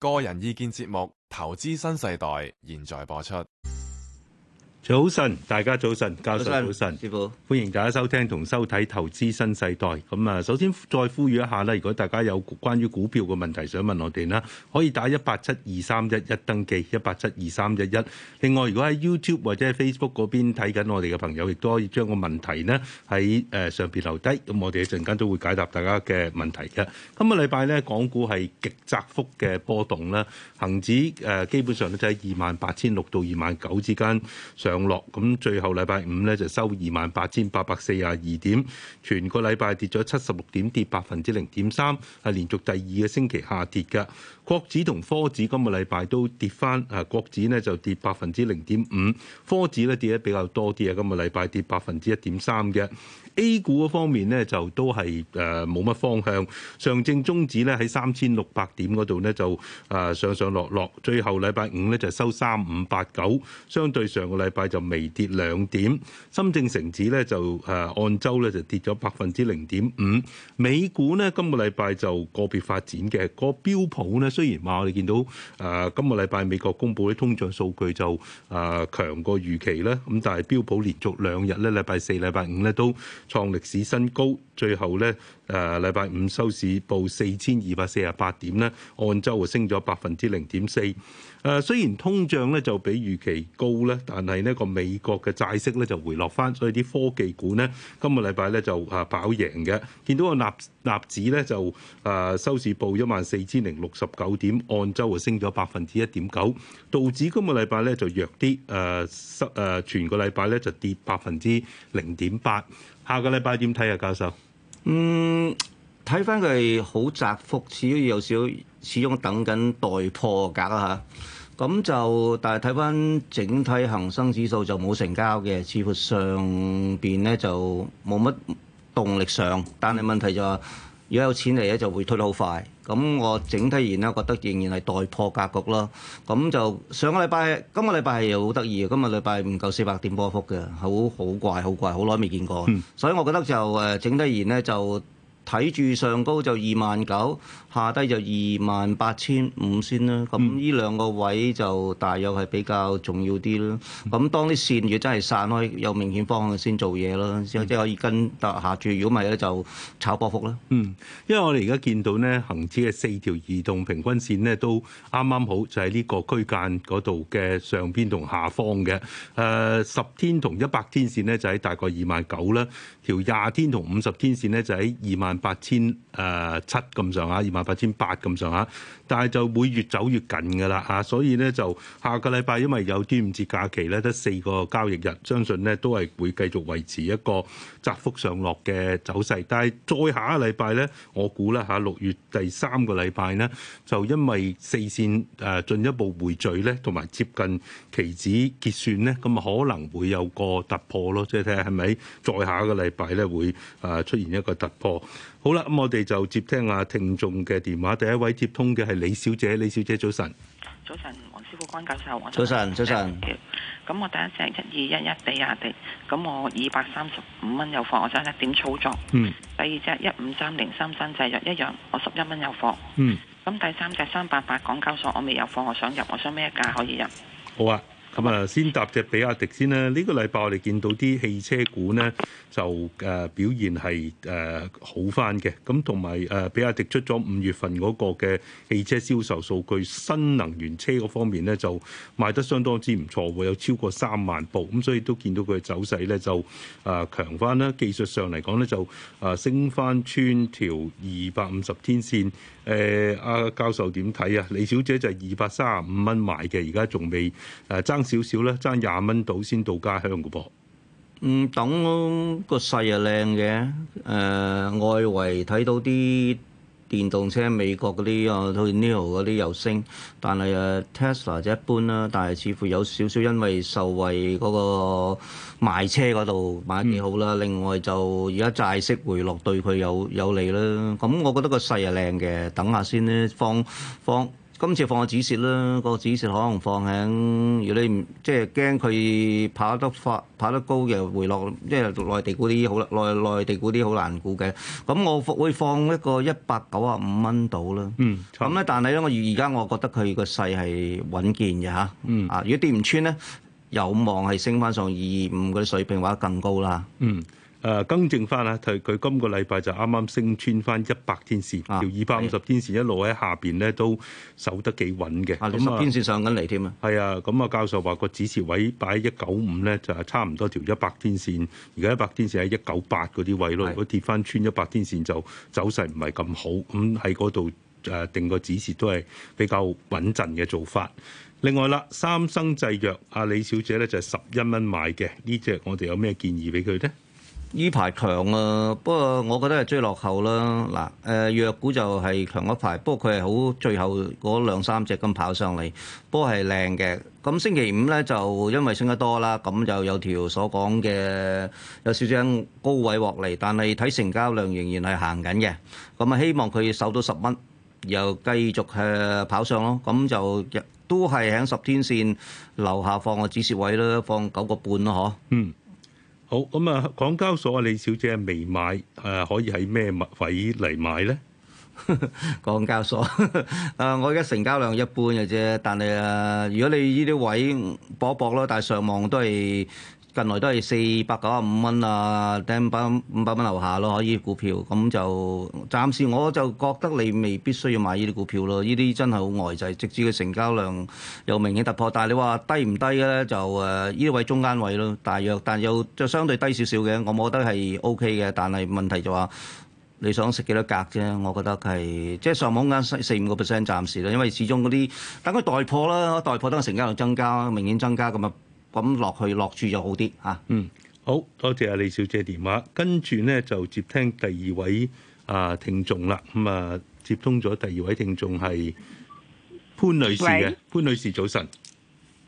個人意見節目《投資新世代》現在播出。早晨，大家早晨，教授早晨上，早早師傅父，歡迎大家收聽同收睇《投資新世代》。咁啊，首先再呼籲一下啦，如果大家有關於股票嘅問題想問我哋啦，可以打一八七二三一一登記，一八七二三一一。另外，如果喺 YouTube 或者喺 Facebook 嗰邊睇緊我哋嘅朋友，亦都可以將個問題呢喺誒上邊留低。咁我哋一陣間都會解答大家嘅問題嘅。今個禮拜呢，港股係極窄幅嘅波動啦，恒指誒基本上都就喺二萬八千六到二萬九之間上。上落。咁，最後禮拜五呢，就收二萬八千八百四十二點，全個禮拜跌咗七十六點，跌百分之零點三，係連續第二個星期下跌嘅。國指同科指今個禮拜都跌翻，啊，國指呢就跌百分之零點五，科指呢跌得比較多啲啊，今個禮拜跌百分之一點三嘅。A 股嗰方面呢，就都係誒冇乜方向，上證綜指呢，喺三千六百點嗰度呢，就誒上上落落，最後禮拜五呢，就收三五八九，相對上個禮拜就微跌兩點。深證成指呢，就誒按周呢，就跌咗百分之零點五。美股呢，今個禮拜就個別發展嘅，個標普呢，雖然話我哋見到誒、呃、今個禮拜美國公佈啲通脹數據就誒、呃、強過預期咧，咁但係標普連續兩日咧禮拜四、禮拜五咧都，創歷史新高，最後呢，誒、呃，禮拜五收市報四千二百四十八點呢，按週啊升咗百分之零點四。誒、呃，雖然通脹呢就比預期高呢，但係呢個美國嘅債息呢就回落返，所以啲科技股呢，今個禮拜呢就啊飽贏嘅。見到個納納指呢，就誒、呃、收市報一萬四千零六十九點，按週啊升咗百分之一點九。道指今個禮拜呢就弱啲誒，失、呃、誒全個禮拜呢就跌百分之零點八。下個禮拜點睇啊，教授？嗯，睇翻佢好窄幅，始終有少，始終等緊待破格啊。咁就但係睇翻整體恒生指數就冇成交嘅，似乎上邊咧就冇乜動力上，但係問題就話如果有錢嚟咧就會推得好快。咁我整體而言咧，覺得仍然係待破格局咯。咁就上個禮拜，今個禮拜係好得意，今個禮拜唔夠四百點波幅嘅，好好怪，好怪，好耐未見過。嗯、所以，我覺得就誒整體而言咧，就。睇住上高就二萬九，下低就二萬八千五先啦。咁呢兩個位就大約係比較重要啲啦。咁、嗯、當啲線嘅真係散開，有明顯方向先做嘢啦，先、嗯、可以跟得下住。如果唔係咧，就炒波幅啦。嗯，因為我哋而家見到呢，恆指嘅四條移動平均線呢都啱啱好，就喺、是、呢個區間嗰度嘅上邊同下方嘅。誒、呃，十天同一百天線呢，就喺大概二萬九啦，條廿天同五十天線呢，就喺二萬八千誒七咁上下，二萬八千八咁上下，但係就會越走越近㗎啦吓，所以咧就下個禮拜因為有端午節假期咧，得四個交易日，相信咧都係會繼續維持一個。窄幅上落嘅走勢，但係再下一禮拜咧，我估咧吓六月第三個禮拜咧，就因為四線誒進一步匯聚咧，同埋接近期指結算咧，咁啊可能會有個突破咯。即係睇下係咪再下一個禮拜咧會誒出現一個突破。好啦，咁我哋就接聽下聽眾嘅電話。第一位接通嘅係李小姐，李小姐早晨，早晨。關教授，早晨，早晨。咁、 okay. 我第一隻一二一一比亞迪，咁我二百三十五蚊有貨，我想睇點操作。嗯。Kas per 第二隻一五三零三三、製藥，一樣我十一蚊有貨。嗯。咁第三隻三八八港交所，我未有貨，我想入，我想咩價可以入？好啊。咁啊，先搭隻比亞迪先啦。呢、這個禮拜我哋見到啲汽車股呢，就誒表現係誒、呃、好翻嘅。咁同埋誒比亞迪出咗五月份嗰個嘅汽車銷售數據，新能源車嗰方面呢，就賣得相當之唔錯喎，有超過三萬部。咁所以都見到佢嘅走勢呢，就誒強翻啦。技術上嚟講呢，就誒升翻穿條二百五十天線。誒、呃、阿教授點睇啊？李小姐就係二百三十五蚊買嘅，而家仲未誒爭，呃少少咧，爭廿蚊到先到家鄉個噃。嗯，等個勢又靚嘅。誒，外圍睇到啲電動車，美國嗰啲啊，好似 Nio 嗰啲又升。但係誒 Tesla 就一般啦。但係似乎有少少因為受惠嗰個賣車嗰度買嘢好啦。另外就而家債息回落對佢有有利啦。咁我覺得個勢係靚嘅。等下先咧，放放。今次放個止蝕啦，個止蝕可能放喺，如果你唔即係驚佢跑得快、跑得高嘅回落，即係內地股啲好內內地股啲好難估計。咁我會放一個一百九十五蚊到啦。嗯，咁咧，但係咧，我而家我覺得佢個勢係穩健嘅嚇。嗯，啊，如果跌唔穿咧，有望係升翻上二五嗰啲水平或者更高啦。嗯。誒更正翻啊！佢佢今個禮拜就啱啱升穿翻一百天線，啊、條二百五十天線一路喺下邊咧，都守得幾穩嘅。咁啊，嗯、十天線上緊嚟添啊！係啊，咁啊，教授話個止蝕位擺喺一九五咧，就係差唔多條一百天線。而家一百天線喺一九八嗰啲位咯。是如果跌翻穿一百天線，就走勢唔係咁好。咁喺嗰度誒定個止蝕都係比較穩陣嘅做法。另外啦，三生製藥阿李小姐咧就係十一蚊買嘅呢隻，這個、我哋有咩建議俾佢咧？呢排強啊，不過我覺得係追落後啦。嗱，誒弱股就係強一排，不過佢係好最後嗰兩三隻咁跑上嚟，不過係靚嘅。咁星期五咧就因為升得多啦，咁就有條所講嘅有少少高位獲利，但係睇成交量仍然係行緊嘅。咁啊，希望佢守到十蚊，又繼續去跑上咯。咁就都係喺十天線樓下放個止蝕位啦，放九個半咯，嗬？嗯。好，咁啊，港交所啊，李小姐未買，誒、呃、可以喺咩位嚟買咧？港交所啊，我而家成交量一般嘅啫，但係啊、呃，如果你呢啲位搏一搏咯，但係上望都係。近來都係四百九十五蚊啊，定百五百蚊樓下咯，可以股票咁就暫時我就覺得你未必需要買呢啲股票咯，呢啲真係好呆滯。直至佢成交量有明顯突破，但係你話低唔低嘅咧，就誒呢位中間位咯，大約但又就相對低少少嘅，我覺得係 OK 嘅。但係問題就話你想食幾多格啫？我覺得係即係上網間四五個 percent 暫時咯，因為始終嗰啲等佢待破啦，待破等個成交量增加，明顯增加咁啊。咁落去落住就好啲嚇，啊。嗯，好多謝阿李小姐電話，跟住呢就接聽第二位啊聽眾啦。咁、嗯、啊接通咗第二位聽眾係潘女士嘅。喂潘女士早晨。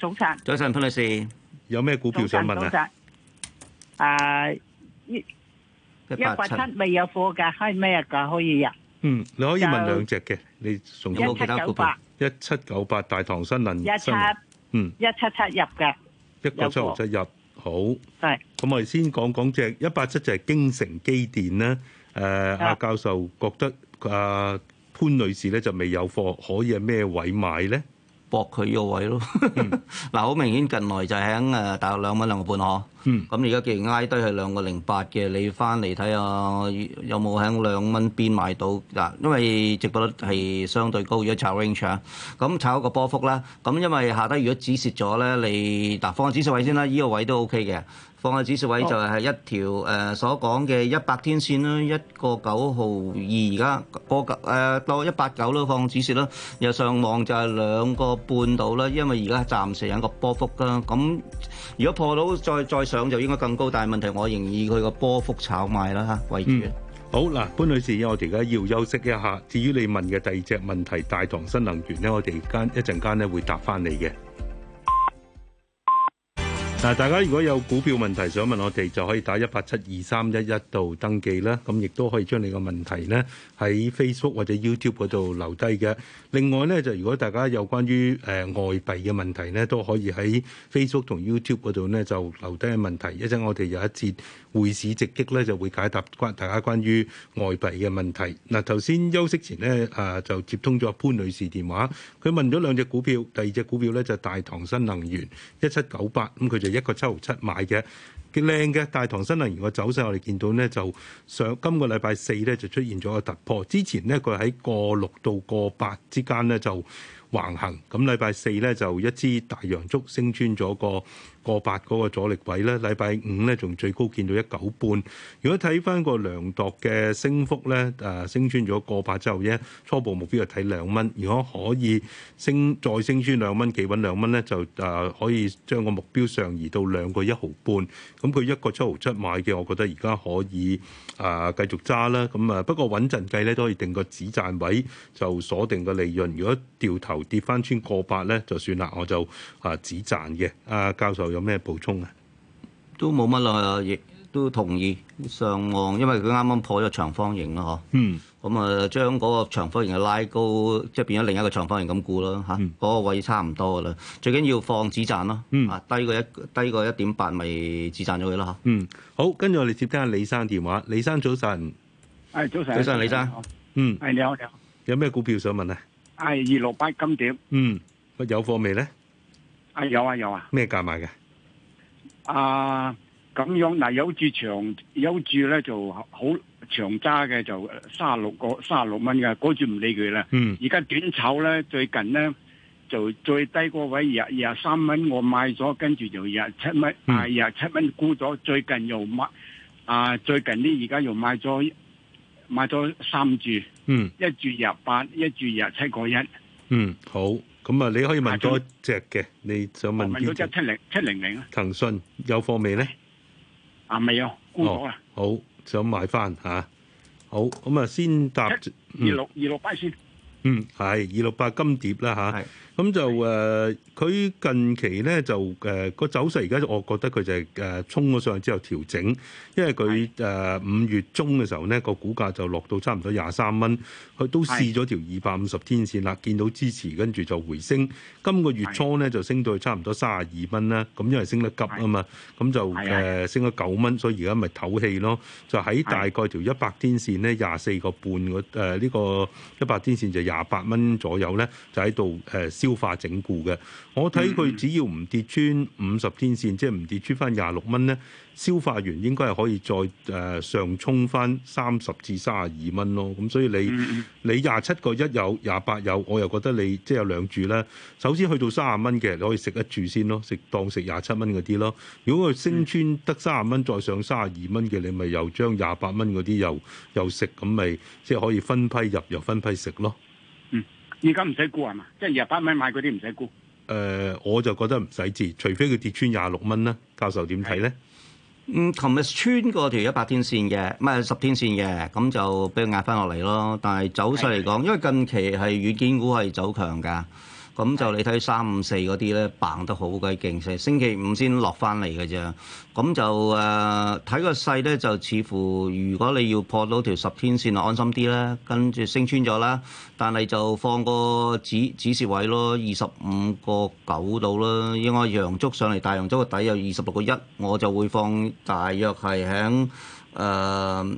早晨。早晨潘女士，有咩股票總 ating，想問啊？早晨、呃。啊一一八七未有貨㗎，開咩價可以入？嗯，你可以問兩隻嘅，你仲有冇其他股票？一七九八。大唐新能源。一七。嗯。一七七入嘅。一個七紅七入好，咁是我哋先講講隻一八七，就係京城機電啦。誒、呃，阿是教授覺得啊、呃、潘女士咧就未有貨，可以喺咩位買咧？搏佢呢個位咯，嗱、 嗯、 好明顯近來就喺誒大概兩蚊兩個半嗬，咁而家既然挨低係兩個零八嘅，你翻嚟睇下有冇喺兩蚊邊買到嗱，因為值博率係相對高，如果炒 range 咁、啊、炒個波幅啦，咁、啊、因為下低如果止蝕咗咧，你嗱、啊、放個止蝕位先啦，呢、呢個位都 OK 嘅。放喺支持位就係一條誒所講嘅一百天線啦，一個九毫二而家個誒到一百九都放支持啦，然後上望就係兩個半度啦，因為而家暫時有個波幅啦。咁如果破到再再上就應該更高，但係問題我仍然以佢個波幅炒賣啦嚇為主。好嗱，潘女士，我哋而家要休息一下。至於你問嘅第二隻問題，大唐新能源咧，我哋間一陣間咧會答翻你嘅。嗱，大家如果有股票問題想問我哋，就可以打一八七二三一一度登記啦。咁亦都可以將你個問題呢喺 Facebook 或者 YouTube 嗰度留低嘅。另外呢，就如果大家有關於誒、呃、外幣嘅問題呢，都可以喺 Facebook 同 YouTube 嗰度呢就留低嘅問題。一陣我哋有一節。會市直擊咧就會解答關大家關於外幣嘅問題。嗱，頭先休息前呢，誒就接通咗潘女士電話。佢問咗兩隻股票，第二隻股票呢，就大唐新能源一七九八，咁佢就一個七毫七買嘅，幾靚嘅。大唐新能源個走勢我哋見到呢，就上今個禮拜四呢，就出現咗個突破。之前呢，佢喺個六到個八之間呢，就橫行，咁禮拜四呢，就一支大陽燭升穿咗個。過百嗰個阻力位咧，禮拜五咧仲最高見到一九半。如果睇翻個量度嘅升幅咧，誒、啊、升穿咗過百之後咧，初步目標係睇兩蚊。如果可以升再升穿兩蚊，企穩兩蚊咧，就誒、啊、可以將個目標上移到兩個一毫半。咁、嗯、佢一個七毫七買嘅，我覺得而家可以誒、啊、繼續揸啦。咁啊不過穩陣計咧，都可以定個止賺位，就鎖定個利潤。如果掉頭跌翻穿過百咧，就算啦，我就誒、啊、止賺嘅。阿、啊、教授。有咩補充啊？都冇乜啦，亦都同意上岸，因為佢啱啱破咗長方形啦，嗬。嗯。咁啊，將嗰個長方形嘅拉高，即係變咗另一個長方形咁估啦，嚇。嗯。嗰個位差唔多噶啦，最緊要放止賺咯。啊，低過一低過一點八咪止賺咗佢啦，嚇。嗯。好，跟住我哋接聽下李生電話。李生早晨。誒，早晨。早晨，李生。嗯。誒，你好，你好。有咩股票想問啊？係二六八金蝶。嗯。佢有貨未咧？啊，有啊，有啊。咩價買嘅？啊，咁樣嗱，啊，有住長，有住咧就好長揸嘅就卅六個卅六蚊嘅，嗰注唔理佢啦。嗯，而家短炒咧，最近咧就最低嗰位廿廿三蚊，我買咗，跟住就廿七蚊，廿廿七蚊沽咗，最近又買，啊最近啲而家又買咗買咗三注，嗯，一注廿八，一注廿七個一。嗯，好。咁啊，你可以問多隻嘅，你想問邊隻？問七零七零零啊？騰訊有貨未咧？啊，未啊，沽咗啊。好，想買翻吓、啊。好，咁啊，先搭二六、嗯、二六八先。嗯，係二六八金碟啦吓。啊咁就誒，佢、呃、近期咧就誒、呃那個走勢，而家我覺得佢就係誒衝咗上去之後調整，因為佢誒五月中嘅時候咧個股價就落到差唔多廿三蚊，佢都試咗條二百五十天線啦，見到支持，跟住就回升。今個月初咧就升到去差唔多卅二蚊啦，咁因為升得急啊嘛，咁是的 就誒、呃、是的 升咗九蚊，所以而家咪唞氣咯。就喺大概條一百天線咧廿四個半誒呢個一百天線就廿八蚊左右咧，就喺度誒。呃呃消化整固嘅，我睇佢只要唔跌穿五十天線，即係唔跌穿翻廿六蚊呢，消化完應該係可以再誒上衝翻三十至三十二蚊咯。咁所以你 你廿七個一有廿八有，我又覺得你即係、就是、有兩注呢。首先去到三十蚊嘅，你可以食一注先咯，食當食廿七蚊嗰啲咯。如果佢升穿得三十蚊再上三十二蚊嘅，你咪又將廿八蚊嗰啲又又食，咁咪即係可以分批入又分批食咯。而家唔使沽係嘛，即係二百蚊買嗰啲唔使沽。誒、呃，我就覺得唔使止，除非佢跌穿廿六蚊啦。教授點睇咧？的嗯，琴日穿過條一百天線嘅，咪、嗯、十天線嘅，咁就俾佢壓翻落嚟咯。但係走勢嚟講，的因為近期係軟件股係走強噶。咁就你睇三五四嗰啲咧，掟得好鬼勁，星期五先落翻嚟嘅啫。咁就誒睇、呃、個勢咧，就似乎如果你要破到條十天線，就安心啲啦。跟住升穿咗啦，但係就放個指指示位咯，二十五個九到啦。應該陽燭上嚟，大陽燭個底有二十六個一，我就會放大約係喺誒。呃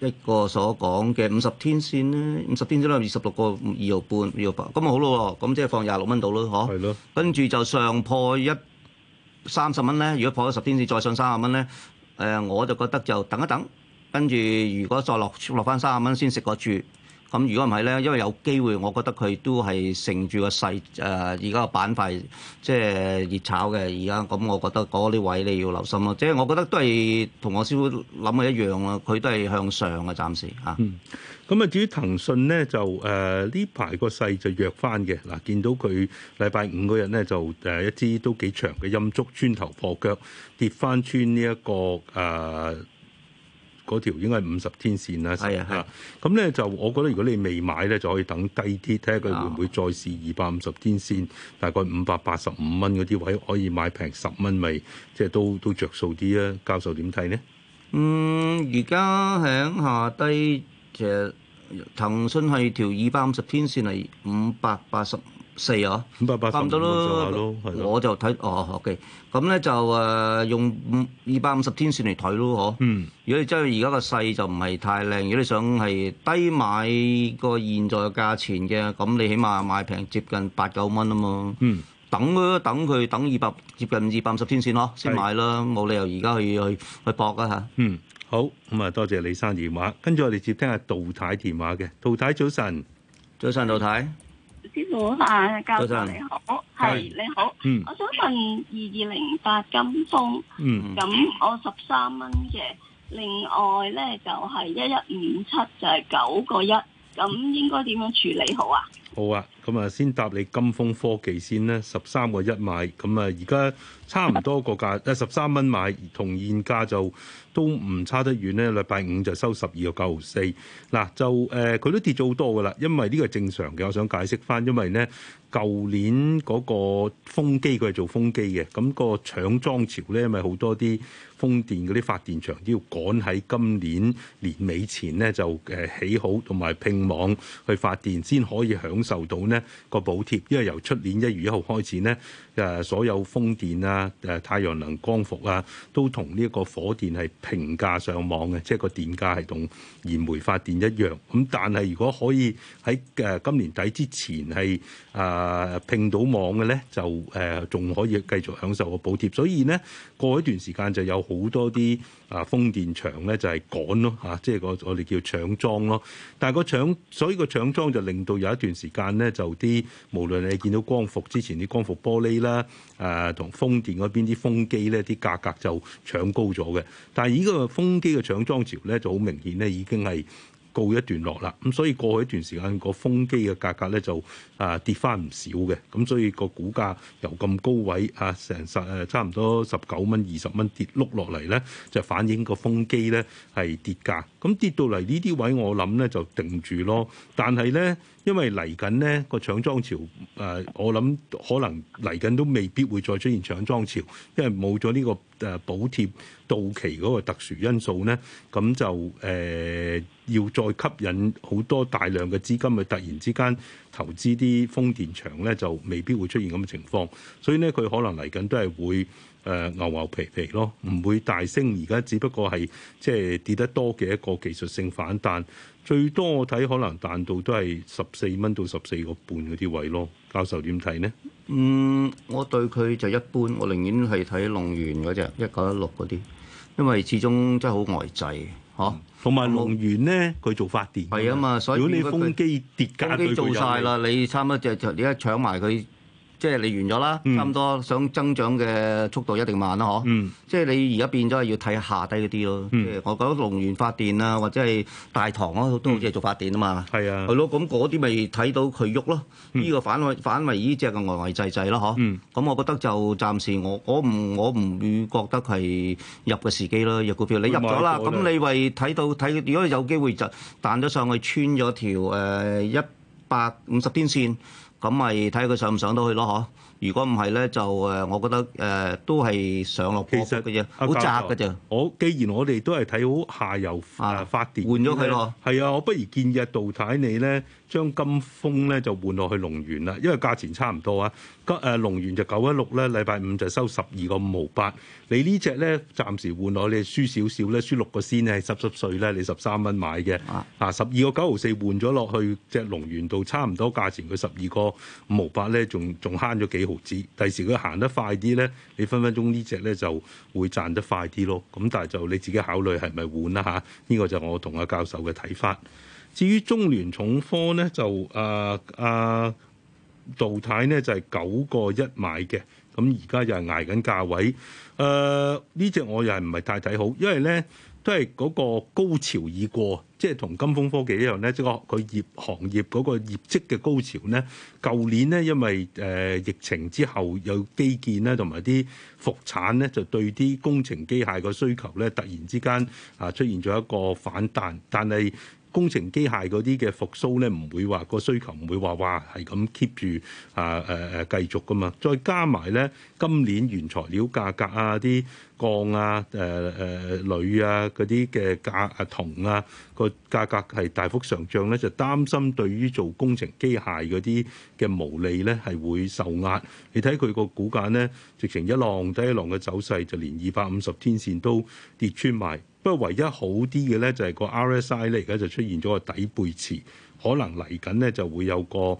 一個所講嘅五十天線呢，五十天線都有二十六個二毫半，二毫八，咁啊，好咯，咁即係放廿六蚊度咯，跟住就上破一三十蚊呢，如果破咗十天線再上三十蚊呢，誒、呃、我就覺得就等一等，跟住如果再落落翻三十蚊先食個住。咁如果唔係咧，因為有機會，我覺得佢都係乘住個勢誒，而家個板塊即係熱炒嘅。而家咁，我覺得嗰啲位你要留心咯。即係我覺得都係同我師傅諗嘅一樣咯，佢都係向上嘅暫時嚇。咁啊、嗯，至於騰訊咧，就誒呢排個勢就弱翻嘅。嗱，見到佢禮拜五嗰日咧，就誒、呃、一支都幾長嘅陰燭穿頭破腳跌翻穿呢、這、一個誒。呃嗰條應該係五十天線啦，係啊，咁咧、啊、就我覺得，如果你未買咧，就可以等低啲，睇下佢會唔會再試二百五十天線，大概五百八十五蚊嗰啲位可以買平十蚊，咪即係都都著數啲啊？教授點睇呢？嗯，而家喺下低，其實騰訊係條二百五十天線係五百八十。四啊，五百八，差唔多咯，我就睇哦，OK。咁咧就誒用二百五十天線嚟睇咯，嗬。嗯。如果你真係而家個勢就唔係太靚，如果你想係低買個現在嘅價錢嘅，咁你起碼買平接近八九蚊啊嘛。嗯。等咯，等佢等二百接近二百五十天線咯，先買啦，冇理由而家去去去搏啊吓。嗯，好，咁啊多謝李生電話，跟住我哋接聽下杜太電話嘅，杜太早晨，早晨杜太。師傅啊，教授上你好，係上你好，嗯、我想問二二零八金風，咁、嗯、我十三蚊嘅，另外咧就係一一五七就係九個一，咁應該點樣處理好啊？好啊。咁啊，先搭你金峰科技先咧，十三個一買，咁啊而家差唔多個價誒十三蚊買同現價就都唔差得遠咧。禮拜五就收十二個九毫四，嗱、啊、就誒佢、呃、都跌咗好多噶啦，因為呢個正常嘅。我想解釋翻，因為咧舊年嗰個風機佢係做風機嘅，咁個搶裝潮咧，因為好多啲風電嗰啲發電場都要趕喺今年年尾前咧就誒起好，同埋拼網去發電先可以享受到咧。個補貼，因為由出年一月一號開始咧，誒所有風電啊、誒太陽能光伏啊，都同呢一個火電係平價上網嘅，即係個電價係同燃煤發電一樣。咁但係如果可以喺誒今年底之前係誒併到網嘅咧，就誒仲可以繼續享受個補貼。所以咧過一段時間就有好多啲啊風電場咧就係趕咯嚇，即係我我哋叫搶裝咯。但係個搶，所以個搶裝就令到有一段時間咧。就啲，無論你見到光伏之前啲光伏玻璃啦，誒、啊、同風電嗰邊啲風機咧，啲價格就搶高咗嘅。但係依個風機嘅搶裝潮咧，就好明顯咧，已經係告一段落啦。咁所以過去一段時間個風機嘅價格咧，就啊跌返唔少嘅。咁所以個股價由咁高位啊，成十誒差唔多十九蚊、二十蚊跌碌落嚟咧，就反映個風機咧係跌價。咁跌到嚟呢啲位，我諗咧就定住咯。但係咧。因為嚟緊呢個搶裝潮，誒、呃、我諗可能嚟緊都未必會再出現搶裝潮，因為冇咗呢個誒補貼到期嗰個特殊因素咧，咁就誒、呃、要再吸引好多大量嘅資金去突然之間投資啲風電場咧，就未必會出現咁嘅情況，所以咧佢可能嚟緊都係會。誒牛牛皮皮咯，唔會大升，而家只不過係即係跌得多嘅一個技術性反彈，最多我睇可能彈到都係十四蚊到十四個半嗰啲位咯。教授點睇呢？嗯，我對佢就一般，我寧願係睇龍源嗰隻一九一六嗰啲，因為始終真係好呆滯吓。同埋龍源呢，佢我做發電係啊嘛，所以如果你風機跌價，佢做晒啦，你差唔多就就而家搶埋佢。即係你完咗啦，差唔多，嗯、想增長嘅速度一定慢啦，嗬、嗯。即係你而家變咗係要睇下低嗰啲咯。即係我覺得龍源發電啊，或者係大唐啊，都好似係做發電啊嘛。係啊、嗯是的，係咯，咁嗰啲咪睇到佢喐咯。呢個反反為呢隻嘅呆呆滯滯啦，嗬。咁我覺得就暫時我我唔我唔會覺得係入嘅時機啦，入股票。嗯、你入咗啦，咁你咪睇到睇，如果你有機會就彈咗上去穿咗條誒一百五十天線咁咪睇佢上唔上到去咯，嗬？如果唔係咧，就誒，我覺得誒、呃、都係上落波嘅啫，好實窄嘅啫。我既然我哋都係睇好下游誒發、啊、發電，換咗佢咯。係啊，我不如建議杜太你咧。將金鋒咧就換落去龍源啦，因為價錢差唔多啊。金誒龍源就九一六咧，禮拜五就收十二個五毫八。你呢隻咧暫時換落，你係輸少少咧，輸六個先咧，濕濕碎咧，你十三蚊買嘅啊，十二個九毫四換咗落去隻龍源度，差唔多價錢佢十二個五毫八咧，仲仲慳咗幾毫子。第時佢行得快啲咧，你分分鐘呢隻咧就會賺得快啲咯。咁但係就你自己考慮係咪換啦嚇？呢、啊這個就我同阿教授嘅睇法。至於中聯重科咧，就、呃、啊啊杜太咧就係九個一買嘅，咁而家又係捱緊價位。誒呢隻我又係唔係太睇好，因為咧都係嗰個高潮已過，即係同金風科技一樣咧，即係佢業行業嗰個業績嘅高潮咧。舊年咧因為誒疫情之後有基建咧，同埋啲復產咧，就對啲工程機械嘅需求咧突然之間啊出現咗一個反彈，但係，工程機械嗰啲嘅復甦咧，唔會話個需求唔會話哇係咁 keep 住啊，誒誒繼續㗎嘛，再加埋咧今年原材料價格啊啲。鋼啊，誒、呃、誒鋁啊，嗰啲嘅價啊，銅啊個價格係大幅上漲咧，就擔心對於做工程機械嗰啲嘅毛利咧係會受壓。你睇佢個股價咧，直情一浪低一浪嘅走勢，就連二百五十天線都跌穿埋。不過唯一好啲嘅咧，就係個 RSI 咧而家就出現咗個底背馳。可能嚟緊呢，就會有個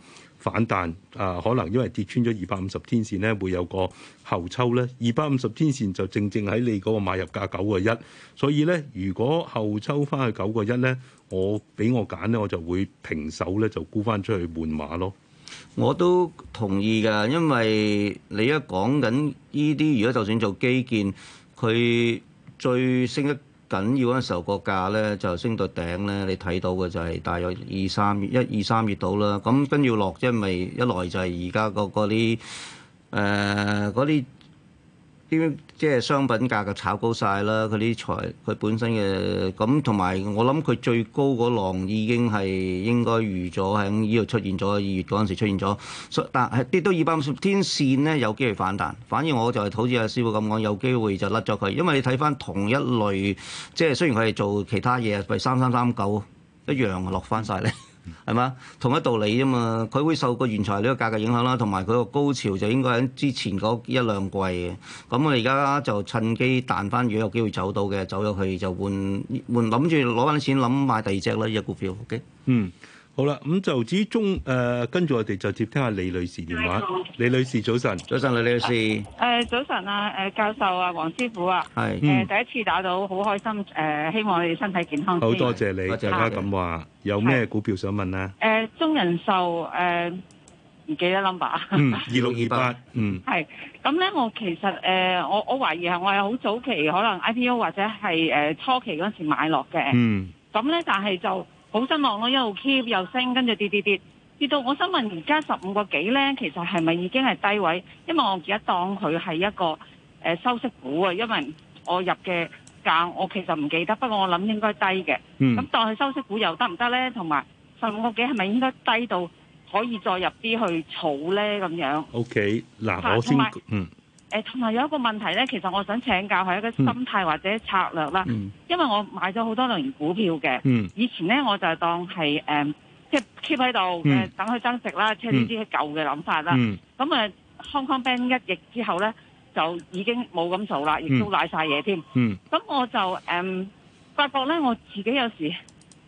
反彈啊，可能因為跌穿咗二百五十天線咧，會有個後抽咧。二百五十天線就正正喺你嗰個買入價九個一，所以咧，如果後抽翻去九個一咧，我俾我揀咧，我就會平手咧，就沽翻出去換碼咯。我都同意㗎，因為你而家講緊依啲，如果就算做基建，佢最升一。緊要嗰陣時候個價咧就升到頂咧，你睇到嘅就係大約二三月，一二三月度啦。咁跟住落，因為一來就係而家個嗰啲誒嗰啲。啲即係商品價格炒高晒啦，佢啲財佢本身嘅咁，同埋我諗佢最高嗰浪已經係應該預咗喺呢度出現咗，二月嗰陣時出現咗，但係跌到二百五十天線咧有機會反彈。反而我就係、是、好似阿師傅咁講，有機會就甩咗佢，因為你睇翻同一類，即係雖然佢係做其他嘢，係咪三三三九一樣落翻晒咧？係嘛，同一道理啫嘛，佢會受個原材料價格影響啦，同埋佢個高潮就應該喺之前嗰一兩季嘅。咁我哋而家就趁機彈翻，如果有機會走到嘅走咗去就換換諗住攞翻啲錢，諗買第二隻啦，呢隻股票。Okay? 嗯。好啦，咁就指中誒，跟住我哋就接聽下李女士電話。李女士早晨，早晨李女士。誒，早晨啊，誒教授啊黃師傅啊。係。誒、嗯呃、第一次打到好開心誒、呃，希望你身體健康。好多謝你，多謝大家咁話，有咩股票想問啊？誒、呃、中人壽誒唔記得 number 二六二八。 嗯。係、嗯。咁咧， 我其實誒、呃、我我懷疑係我係好早期可能 IPO 或者係誒初期嗰時買落嘅。嗯。咁咧，但係就。好失望咯，一路 keep 又升，跟住跌跌跌，跌到我想問，而家十五個幾呢？其實係咪已經係低位？因為我而家當佢係一個誒、呃、收息股啊，因為我入嘅價我其實唔記得，不過我諗應該低嘅。咁當佢收息股又得唔得呢？同埋十五個幾係咪應該低到可以再入啲去儲呢？咁樣？OK，嗱，okay, 啦啊、我先嗯。誒同埋有一個問題咧，其實我想請教係一,一個心態或者策略啦。因為我買咗好多輪股票嘅，以前咧我就係當係誒即係 keep 喺度，誒等佢增值啦，即係呢啲舊嘅諗法啦。咁啊，Hong Kong Bank 一役之後咧，就已經冇咁做啦，亦都瀨晒嘢添。咁、嗯、我就誒、嗯、發覺咧，我自己有時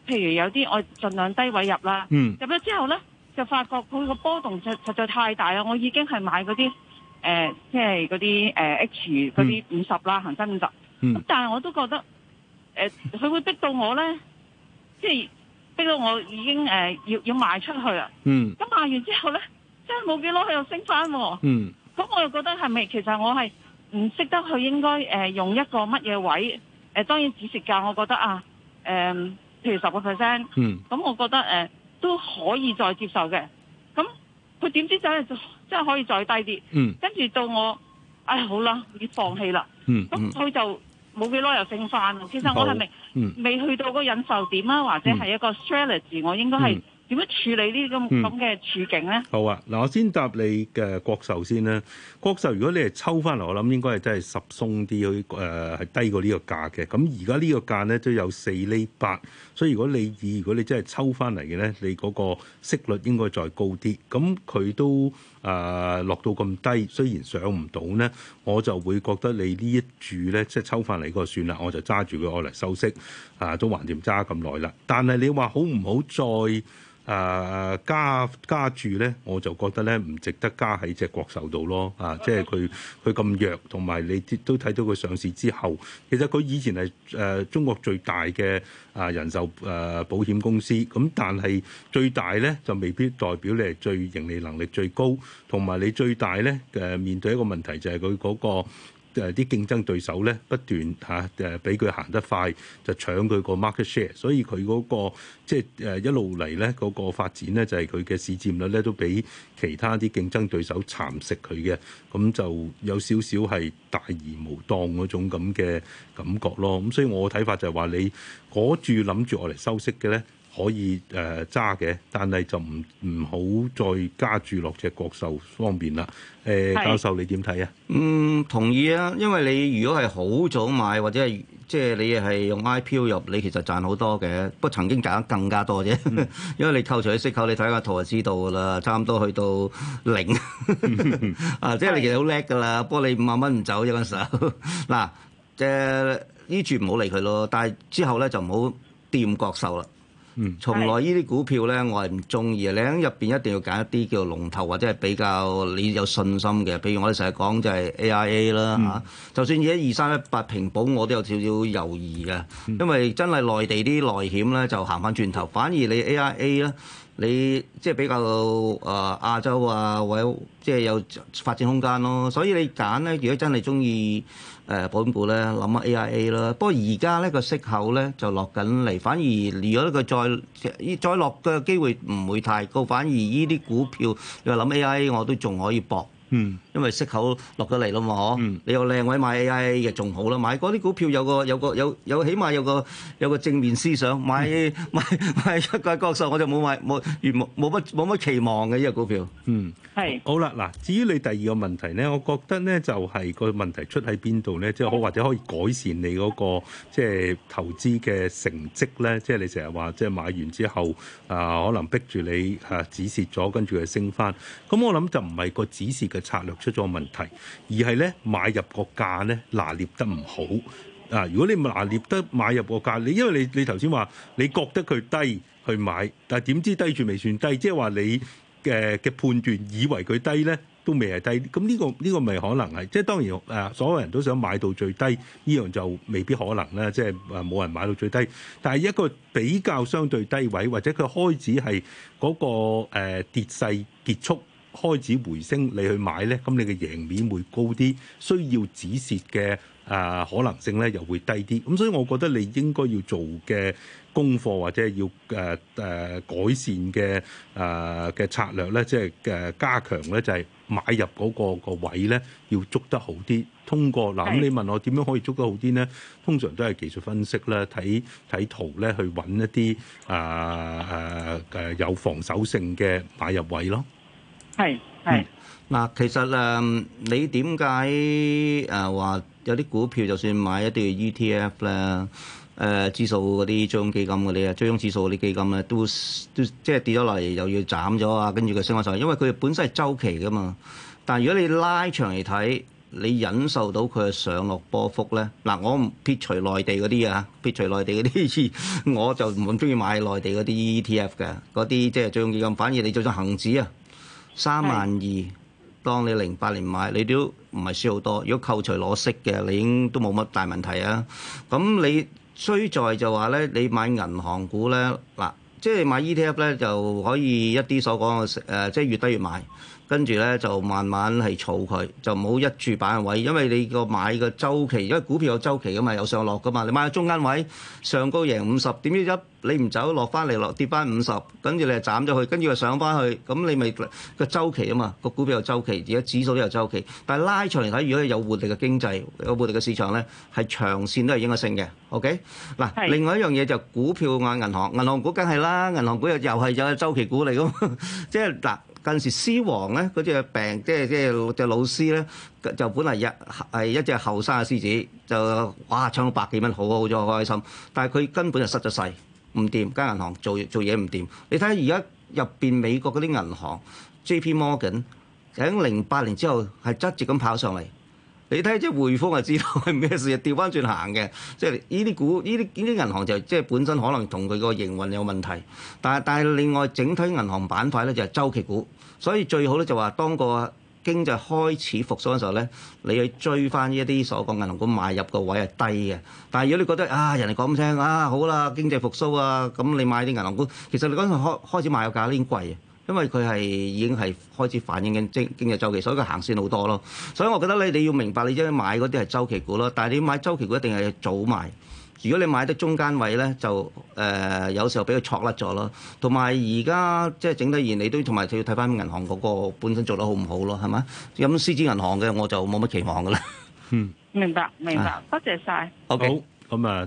譬如有啲我儘量低位入啦，入咗之後咧就發覺佢個波動實實在太大啦，我已經係買嗰啲。誒、呃，即係嗰啲誒 H 嗰啲五十啦，恒生五十。咁、嗯、但係我都覺得，誒、呃，佢會逼到我咧，即、就、係、是、逼到我已經誒、呃、要要賣出去啦。嗯。咁賣完之後咧，即係冇幾耐佢又升翻喎。嗯。咁我又覺得係咪其實我係唔識得佢應該誒、呃、用一個乜嘢位？誒、呃、當然止蝕價，我覺得啊，誒、呃、譬如十個 percent。嗯。咁我覺得誒、呃、都可以再接受嘅。佢點知走真就真係可以再低啲？嗯，跟住到我，唉，好啦，要放棄啦、嗯。嗯，咁佢就冇幾耐又升翻啊，先生好。我係未、嗯、未去到個忍受點啊，或者係一個 strategy、嗯、我應該係點樣處理呢啲咁咁嘅處境咧？好啊，嗱，我先答你嘅國壽先啦。國壽如果你係抽翻嚟，我諗應該係真係十鬆啲，佢誒係低過呢個價嘅。咁而家呢個價咧都有四厘八。所以如果你以如果你真係抽翻嚟嘅咧，你嗰個息率應該再高啲。咁佢都啊、呃、落到咁低，雖然上唔到咧，我就會覺得你呢一注咧，即係抽翻嚟個算啦，我就揸住佢我嚟收息啊，都橫掂揸咁耐啦。但係你話好唔好再啊、呃、加加注咧？我就覺得咧唔值得加喺隻國壽度咯啊！即係佢佢咁弱，同埋你都睇到佢上市之後，其實佢以前係誒、呃、中國最大嘅。啊，人壽誒、呃、保險公司，咁但係最大咧就未必代表你係最盈利能力最高，同埋你最大咧誒、呃、面對一個問題就係佢嗰個。誒啲競爭對手咧不斷嚇誒俾佢行得快，就搶佢個 market share，所以佢嗰、嗰個即係誒一路嚟咧嗰個發展咧就係佢嘅市佔率咧都俾其他啲競爭對手蠶食佢嘅，咁就有少少係大而無當嗰種咁嘅感覺咯。咁所以我睇法就係、係、話你攔住諗住我嚟收息嘅咧。可以誒揸嘅，但係就唔唔好再加住落隻國壽方面啦。誒、呃，教授是你點睇啊？嗯，同意啊，因為你如果係好早買或者係即係你係用 IPO 入，你其實賺好多嘅。不過曾經賺得更加多啫，嗯、因為你扣除啲息口，你睇下圖就知道㗎啦。差唔多去到零啊，即係你其實好叻㗎啦。不過你五萬蚊唔走一間手嗱，誒呢住唔好理佢咯。但係、呃、之後咧就唔好掂國壽啦。從來呢啲股票呢，我係唔中意嘅。你喺入邊一定要揀一啲叫龍頭或者係比較你有信心嘅，譬如我哋成日講就係 AIA 啦嚇。就算而家二三一八平保，我都有少少猶豫嘅，嗯、因為真係內地啲內險呢，就行返轉頭，嗯、反而你 AIA 咧，你即係比較誒、呃、亞洲啊，或者即係有發展空間咯。所以你揀呢，如果真係中意。誒保險股咧，諗下 A I A 啦，不過而家呢個息口咧就落緊嚟，反而如果佢再再落嘅機會唔會太高，反而依啲股票你話諗 A I A 我都仲可以搏。嗯。因為息口落咗嚟啦嘛，嗬、嗯，你又靚位買嘅仲、哎、好啦，買嗰啲股票有個有個有有起碼有個有個正面思想，買買買一個國壽我就冇買冇冇乜冇乜期望嘅呢個股票，嗯，係是好啦嗱，至於你第二個問題咧，我覺得咧就係個問題出喺邊度咧，即係或者可以改善你嗰、那個即係、就是、投資嘅成績咧，即、就、係、是、你成日話即係買完之後啊，可能逼住你係止蝕咗，跟住佢升翻，咁我諗就唔係個止蝕嘅策略。出咗問題，而係咧買入個價咧拿捏得唔好啊！如果你拿捏得買入個價，你因為你你頭先話你覺得佢低去買，但係點知低住未算低，即係話你嘅嘅、呃、判斷以為佢低咧都未係低。咁呢個呢個咪可能係即係當然誒、呃，所有人都想買到最低，呢樣就未必可能啦。即係冇人買到最低，但係一個比較相對低位或者佢開始係嗰個誒跌勢結束。開始回升，你去買咧，咁你嘅贏面會高啲，需要止蝕嘅誒、呃、可能性咧又會低啲。咁所以我覺得你應該要做嘅功課或者係要誒誒、呃呃、改善嘅誒嘅策略咧，即係誒加強咧，就係買入嗰、那個那個位咧要捉得好啲。通過嗱，咁是你問我點樣可以捉得好啲咧？通常都係技術分析啦，睇睇圖咧去揾一啲誒誒誒有防守性嘅買入位咯。係係嗱，其實誒，你點解誒話有啲股票就算買一啲 E T F 咧，誒指數嗰啲追蹤基金嘅咧，追蹤指數嗰啲基金咧，都都即係跌咗落嚟又要斬咗啊，跟住佢升翻上去，因為佢本身係週期嘅嘛。但係如果你拉長嚟睇，你忍受到佢嘅上落波幅咧嗱，我唔撇除內地嗰啲啊，撇除內地嗰啲，我就唔咁中意買內地嗰啲 E T F 嘅嗰啲即係追蹤基金，反而你做咗恆指啊。三萬二，32, 是當你零八年買，你都唔係輸好多。如果扣除攞息嘅，你已經都冇乜大問題啊。咁你需在就話咧，你買銀行股咧，嗱，即係買 ETF 咧，就可以一啲所講嘅誒，即係越低越買。跟住咧就慢慢係儲佢，就唔好一住板位，因為你個買個週期，因為股票有週期噶嘛，有上落噶嘛。你買個中間位，上高贏五十，點知一你唔走，落翻嚟落跌翻五十，跟住你係斬咗佢，跟住又上翻去，咁你咪個週期啊嘛，個股票有週期，而家指數都有週期。但係拉長嚟睇，如果你有活力嘅經濟，有活力嘅市場咧，係長線都係應該升嘅。OK，嗱，另外一樣嘢就股票啊，銀行、銀行股梗係啦，銀行股又又係有週期股嚟噶，即係嗱。近時獅王咧，嗰隻病即係即係隻老獅咧，就本嚟一係一隻後生嘅獅子，就哇搶咗百幾蚊，好好咗好開心，但係佢根本就失咗勢，唔掂，間銀行做做嘢唔掂。你睇下而家入邊美國嗰啲銀行 J.P.Morgan 喺零八年之後係側住咁跑上嚟。你睇即係匯豐啊，知道係咩事啊？調翻轉行嘅，即係呢啲股、呢啲呢啲銀行就即係本身可能同佢個營運有問題。但係但係另外整體銀行板塊咧就係周期股，所以最好咧就話當個經濟開始復甦嘅時候咧，你去追翻呢一啲所講銀行股買入個位係低嘅。但係如果你覺得啊，人哋講聲啊，好啦，經濟復甦啊，咁你買啲銀行股，其實你嗰陣開開始買個價已經貴嘅。因為佢係已經係開始反映緊經經濟周期，所以佢行先好多咯。所以我覺得你你要明白，你應該買嗰啲係週期股咯。但係你買週期股一定係早買。如果你買得中間位咧，就誒、呃、有時候俾佢錯甩咗咯。同埋而家即係整體而言，你都同埋佢要睇翻銀行嗰個本身做得好唔好咯，係咪？咁私資銀行嘅我就冇乜期望㗎啦。嗯，明白明白，多謝曬。好，咁啊，謝謝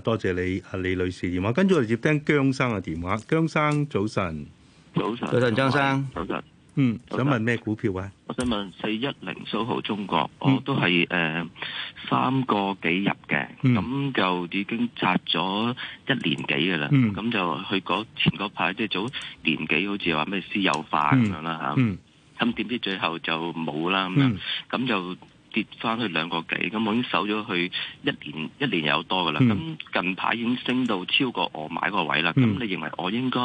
Okay. 多謝你啊李女士電話。跟住我哋接聽姜生嘅電話。姜生早晨。早晨，早晨，張生，早晨。嗯，想問咩股票啊？我想問四一零 SOHO 中國，我都係誒三個幾入嘅，咁就已經揸咗一年幾嘅啦。咁就去嗰前嗰排即係早年幾，好似話咩私有化咁樣啦嚇。咁點知最後就冇啦咁樣，咁就跌翻去兩個幾。咁我已經守咗去一年，一年有多嘅啦。咁近排已經升到超過我買嗰個位啦。咁你認為我應該？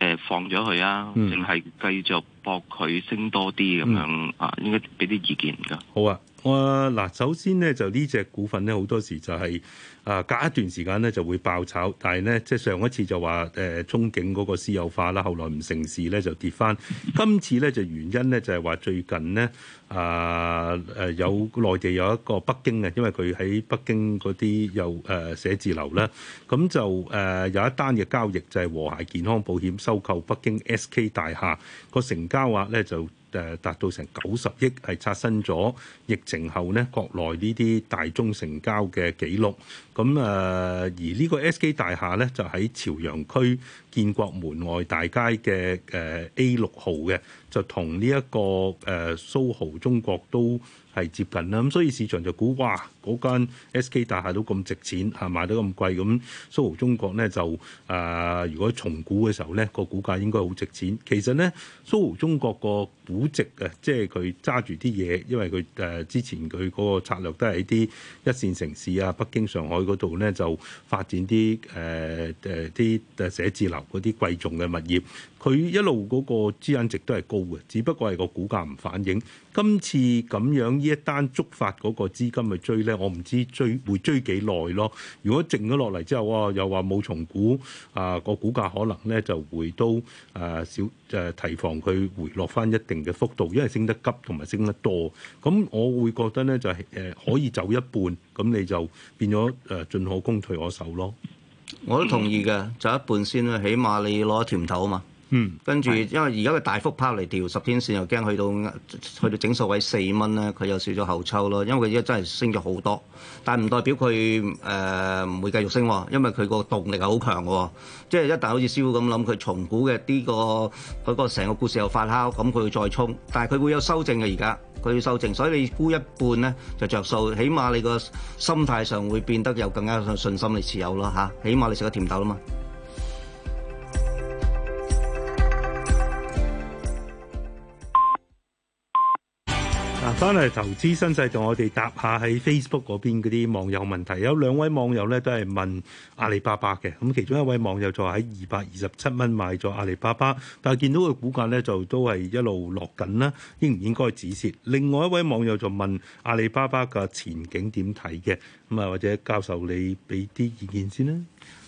誒放咗佢啊，定係繼續搏佢升多啲咁樣啊？嗯、應該俾啲意見㗎。好啊，我嗱首先咧就呢隻股份咧，好多時就係、係。啊，隔一段時間咧就會爆炒，但係呢，即係上一次就話誒中景嗰個私有化啦，後來唔成事呢就跌翻。今次呢，就原因呢，就係話最近呢，啊、呃、誒有內地有一個北京嘅，因為佢喺北京嗰啲有誒、呃、寫字樓啦，咁就誒、呃、有一單嘅交易就係和諧健康保險收購北京 SK 大廈。個成交額呢，就誒達到成九十億，係刷新咗疫情後呢國內呢啲大宗成交嘅紀錄。咁誒，而呢個 S K 大廈咧，就喺朝陽區。建國門外大街嘅誒 A 六號嘅，就同呢一個誒 soho 中國都係接近啦。咁所以市場就估哇，間 SK 大廈都咁值錢嚇賣得咁貴，咁 soho 中國咧就誒、呃、如果重估嘅時候咧，個股價應該好值錢，其實咧，soho 中國個估值啊，即係佢揸住啲嘢，因為佢誒之前佢個策略都係喺啲一線城市啊，北京、上海度咧就發展啲誒誒啲誒寫字樓。嗰啲貴重嘅物業，佢一路嗰個資產值都係高嘅，只不過係個股價唔反映。今次咁樣呢一單觸發嗰個資金去追咧，我唔知追會追幾耐咯。如果靜咗落嚟之後，哇，又話冇重估啊，個股價可能咧就會都啊少誒、啊、提防佢回落翻一定嘅幅度，因為升得急同埋升得多。咁我會覺得咧就係、是、誒、啊、可以走一半，咁你就變咗誒進可攻退可守咯。我都同意嘅，就一半先啦，起碼你要攞甜頭啊嘛。嗯，跟住着是，因為而家佢大幅拋離條十天線，又驚去到去到整數位四蚊咧，佢有少咗後抽咯。因為佢而家真係升咗好多，但係唔代表佢誒唔會繼續升，因為佢個動力係好強嘅。即係一旦好似師傅咁諗，佢重估嘅呢個佢個成個故事又發酵，咁佢會再衝。但係佢會有修正嘅而家，佢要修正，所以你沽一半咧就着數，起碼你個心態上會變得有更加信心嚟持有咯嚇、啊。起碼你食咗甜豆啦嘛。嗱，翻嚟、啊、投資新勢，就我哋答下喺 Facebook 嗰邊嗰啲網友問題。有兩位網友咧都係問阿里巴巴嘅，咁其中一位網友就喺二百二十七蚊買咗阿里巴巴，但係見到個股價咧就都係一路落緊啦，應唔應該止蝕？另外一位網友就問阿里巴巴嘅前景點睇嘅，咁啊或者教授你俾啲意見先啦。誒、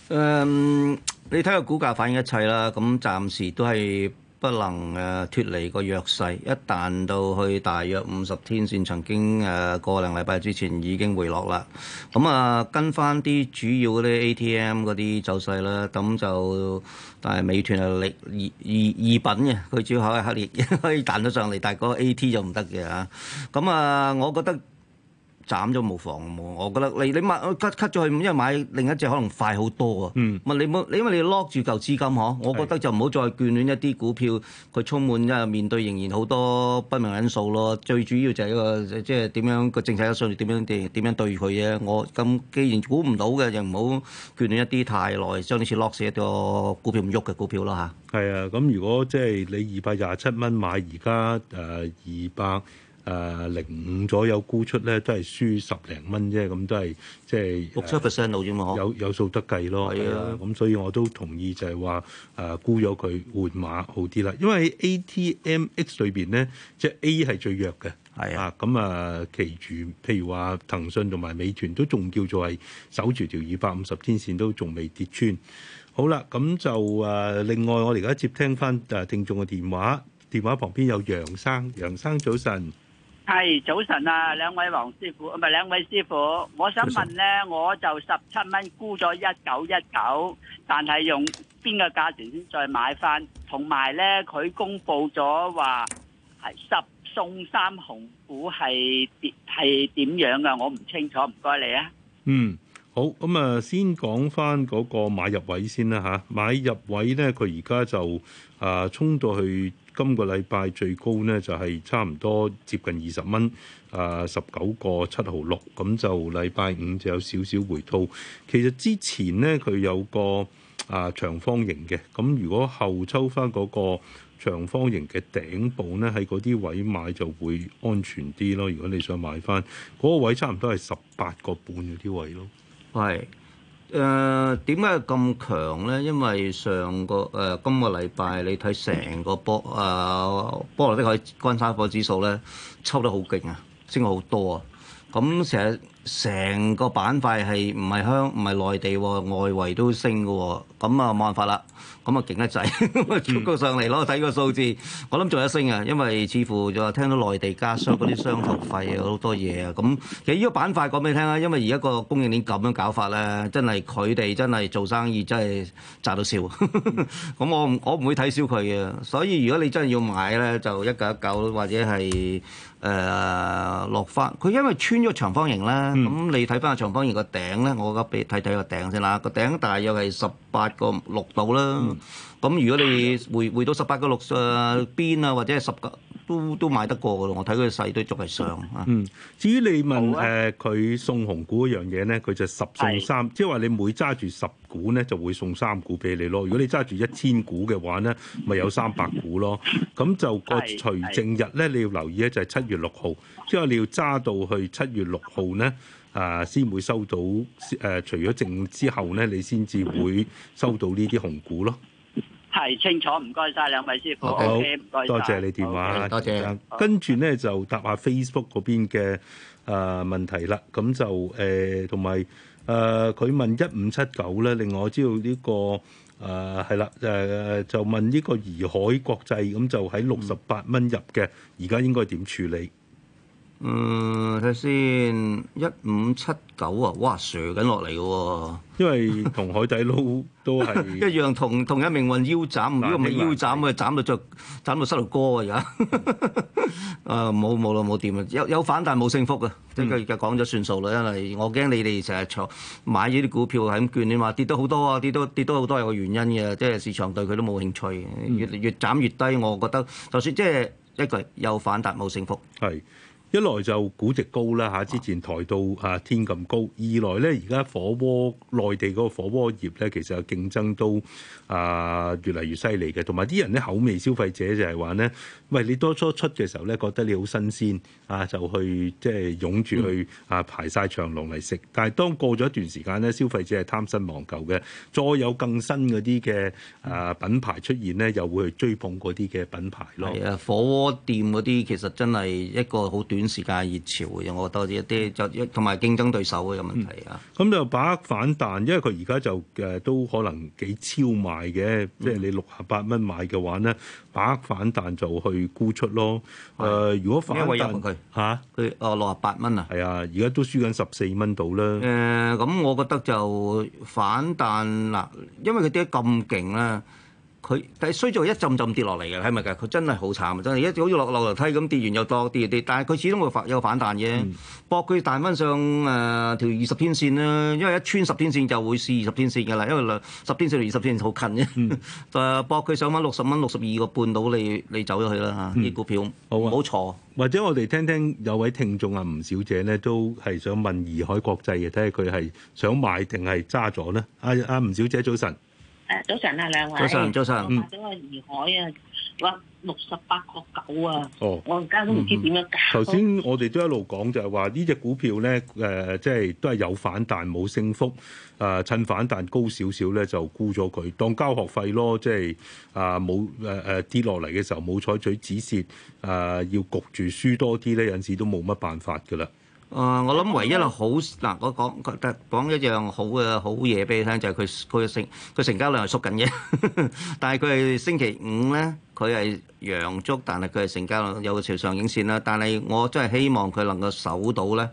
嗯，你睇下股價反映一切啦，咁暫時都係。不能誒脱、啊、離個弱勢，一彈到去大約五十天線，曾經誒個、啊、兩禮拜之前已經回落啦。咁、嗯、啊，跟翻啲主要嗰啲 ATM 嗰啲走勢啦。咁就但係美團係二二二品嘅，佢主要考喺黑列，可以彈到上嚟，但係嗰個 AT 就唔得嘅嚇。咁啊，啊，我覺得。斬咗無妨，我覺得你你買 cut cut 咗佢，因為買另一隻可能快好多啊。唔係你冇，因為你 lock 住嚿資金嗬，我覺得就唔好再眷戀一啲股票，佢充滿因為面對仍然好多不明因素咯。最主要就係一個即係點樣個政策嘅上調點樣點點樣對佢嘅。我咁既然估唔到嘅，就唔好眷戀一啲太耐，將啲錢 lock 死一個股票唔喐嘅股票咯嚇。係啊，咁如果即係你二百廿七蚊買而家誒二百誒零五左右沽出咧，都係輸十零蚊啫，咁都係即係六七 percent 度啫嘛，有有數得計咯。係啊、呃，咁所以我都同意就係話誒沽咗佢換馬好啲啦，因為 ATMX 裏邊咧，即係 A 係最弱嘅。係啊，啊，咁啊，期住譬如話騰訊同埋美團都仲叫做係守住條二百五十天線都仲未跌穿。好啦，咁就誒、呃、另外我哋而家接聽返誒聽眾嘅電話，電話旁邊有楊生，楊生早晨。早係早晨啊，兩位黃師傅，唔、呃、係兩位師傅，我想問咧，我就十七蚊沽咗一九一九，但係用邊個價錢先再買翻？同埋咧，佢公布咗話係十送三紅股係係點樣噶？我唔清楚，唔該你啊。嗯，好，咁、嗯、啊，先講翻嗰個買入位先啦吓，買入位咧，佢而家就啊、呃、衝到去。今個禮拜最高呢就係、是、差唔多接近二十蚊，啊十九個七毫六，咁就禮拜五就有少少回吐。其實之前呢佢有個啊、呃、長方形嘅，咁如果後抽翻嗰個長方形嘅頂部呢，喺嗰啲位買就會安全啲咯。如果你想買翻嗰、那個位，差位，差唔多係十八個半嗰啲位咯。係。誒點解咁強咧？因為上個誒、呃、今個禮拜你睇成個波啊、呃，波羅的海乾散貨指數咧抽得好勁啊，升好多啊！咁成日。成個板塊係唔係香唔係內地喎，外圍都升嘅喎，咁啊冇辦法啦，咁啊勁得滯，咁啊、嗯、 個上嚟咯，睇個數字，我諗仲有升啊，因為似乎就係聽到內地加商嗰啲商頭費好多嘢啊，咁其實依個板塊講俾你聽啊，因為而家個供應鏈咁樣搞法咧，真係佢哋真係做生意真係賺到笑，咁、嗯、 我唔我唔會睇小佢嘅，所以如果你真係要買咧，就一嚿一嚿或者係。誒、呃、落翻，佢因為穿咗長方形啦，咁、嗯、你睇翻個長方形個頂咧，我而家俾你睇睇個頂先啦，個頂大約係十八個六度啦，咁、嗯、如果你回回到十八個六嘅邊啊，或者係十個。都都買得過嘅咯，我睇佢細都仲係上嚇。嗯，至於你問誒佢吧、呃、送紅股嗰樣嘢咧，佢就十送三，即係話你每揸住十股咧，就會送三股俾你咯。如果你揸住一千股嘅話咧，咪 有三百股咯。咁就那個除淨日咧，你要留意咧，就係七月六號，即係你要揸到去七月六號咧，啊、呃、先會收到誒、呃、除咗淨之後咧，你先至會收到呢啲紅股咯。係清楚，唔該晒。兩位師傅，唔該 Okay.、okay, 多謝你電話 okay, 多謝。跟住咧就答下 Facebook 嗰邊嘅誒問題啦，咁就誒同埋誒佢問一五七九咧，另外，我知道呢、這個誒係、呃、啦誒就問呢個怡海國際咁就喺六十八蚊入嘅，而家、嗯、應該點處理？嗯，睇先一五七九啊，哇，瀡緊落嚟嘅。因為同海底撈都係 一樣同，同同一命運腰斬。如果唔係腰斬，咪斬到著斬到膝頭哥啊！而家啊，冇冇啦，冇掂啊！有有反彈冇升幅啊，即係佢而家講咗算數啦。因為我驚你哋成日坐買呢啲股票係咁捲，你話跌得好多啊？跌多跌多好多有個原因嘅，即係市場對佢都冇興趣，越嚟越斬越低。我覺得就算即係一個有反彈冇升幅係。一來就估值高啦嚇，之前抬到啊天咁高；二來咧，而家火鍋內地嗰個火鍋業咧，其實競爭都啊越嚟越犀利嘅，同埋啲人咧口味消費者就係話咧，喂你當初出嘅時候咧，覺得你好新鮮啊，就去即係、就是、湧住去啊排晒長龍嚟食。但係當過咗一段時間咧，消費者係貪新忘舊嘅，再有更新嗰啲嘅啊品牌出現咧，又會去追捧嗰啲嘅品牌咯。係啊，火鍋店嗰啲其實真係一個好短。短時間熱潮嘅，我覺得一啲就同埋競爭對手有問題啊。咁、嗯、就把握反彈，因為佢而家就誒都可能幾超賣嘅，嗯、即係你六十八蚊買嘅話咧，把握反彈就去沽出咯。誒、呃，如果反彈嚇佢哦六十八蚊啊，係、呃、啊，而家、啊、都輸緊十四蚊到啦。誒、呃，咁我覺得就反彈嗱，因為佢跌咁勁啦。佢但係衰咗一陣陣跌落嚟嘅，係咪㗎？佢真係好慘，真係一好似落落樓梯咁跌完又多跌又跌，但係佢始終會反有反彈嘅。博佢彈翻上誒條二十天線啦，因為一穿十天線就會試二十天線㗎啦，因為十天線同二十天線好近嘅。誒、嗯，博佢上翻六十蚊、六十二個半到，你你走咗去啦嚇啲股票，唔、嗯、好錯、啊。坐或者我哋聽聽有位聽眾看看啊，啊，啊，吳小姐咧都係想問怡海國際嘅，睇下佢係想買定係揸咗咧。阿阿吳小姐早晨。早晨啊，兩位早晨，早晨，位早晨，早晨，嗯，嗰個怡海啊，話六十八個九啊。哦，我而家都唔知點樣搞。頭先、嗯嗯、我哋都一路講就係話呢隻股票咧，誒、呃，即係都係有反彈冇升幅。誒、呃，趁反彈高少少咧，就沽咗佢當交學費咯。即係啊，冇誒誒跌落嚟嘅時候冇採取止蝕。誒、呃，要焗住輸多啲咧，有時都冇乜辦法噶啦。誒、呃，我諗唯一係好嗱、啊，我講講一樣好嘅好嘢俾你聽，就係佢佢成佢成交量係縮緊嘅， 但係佢係星期五咧，佢係陽燭，但係佢係成交量有個朝上影線啦、啊。但係我真係希望佢能夠守到咧，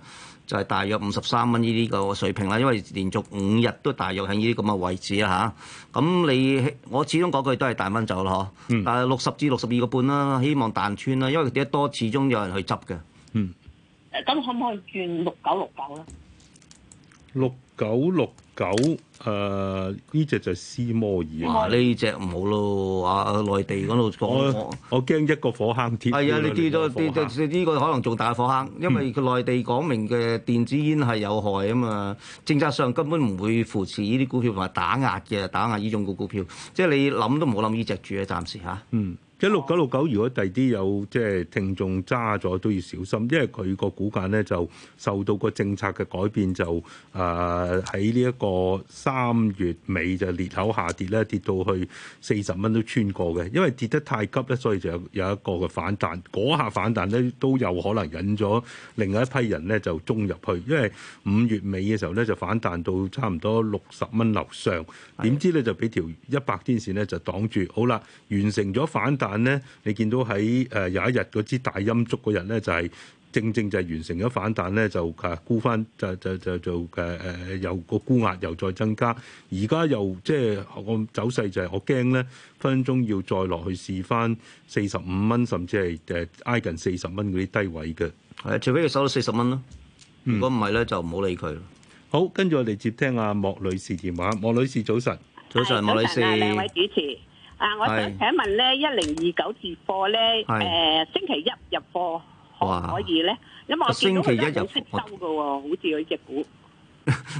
就係、是、大約五十三蚊呢啲個水平啦、啊，因為連續五日都大約喺呢啲咁嘅位置啦、啊、吓，咁、啊、你我始終講句都係彈返走咯、啊，嗯、但啊六十至六十二個半啦，希望彈穿啦、啊，因為跌得多始終有人去執嘅。嗯。誒咁可唔可以轉六九六九咧？六九六九誒，呢隻就斯摩爾啊！呢隻唔好咯，啊！內地嗰度講我，我驚一個火坑天，係啊，你跌咗跌呢個可能仲大火坑，因為佢內地講明嘅電子煙係有害啊嘛，嗯、政策上根本唔會扶持呢啲股票，同埋打壓嘅，打壓呢種個股票。即係你諗都唔好諗，呢隻住啊，暫時嚇。啊、嗯。一六九六九，9, 如果第二啲有即係聽眾揸咗，都要小心，因為佢個股價咧就受到個政策嘅改變，就誒喺呢一個三月尾就裂口下跌咧，跌到去四十蚊都穿過嘅。因為跌得太急咧，所以就有有一個嘅反彈，嗰下反彈咧都有可能引咗另外一批人咧就衝入去。因為五月尾嘅時候咧就反彈到差唔多六十蚊樓上，點知咧就俾條一百天線咧就擋住。好啦，完成咗反彈。但咧，你見到喺誒有一日嗰支大陰燭嗰日咧，就係、是、正正就係完成咗反彈咧，就誒沽翻就就就就誒誒，又個沽壓又再增加。而家又即係個走勢就係、是、我驚咧，分分鐘要再落去試翻四十五蚊，甚至係誒挨近四十蚊嗰啲低位嘅。係，除非佢收到四十蚊咯。如果唔係咧，就唔好理佢。好，跟住我哋接聽阿莫女士電話。莫女士早晨，早晨。是早晨，莫女士。主、啊、持。啊！我想請問咧，一零二九入貨咧，誒星期一入貨可可以咧？因為我見到咧有息收嘅喎，好似佢隻股。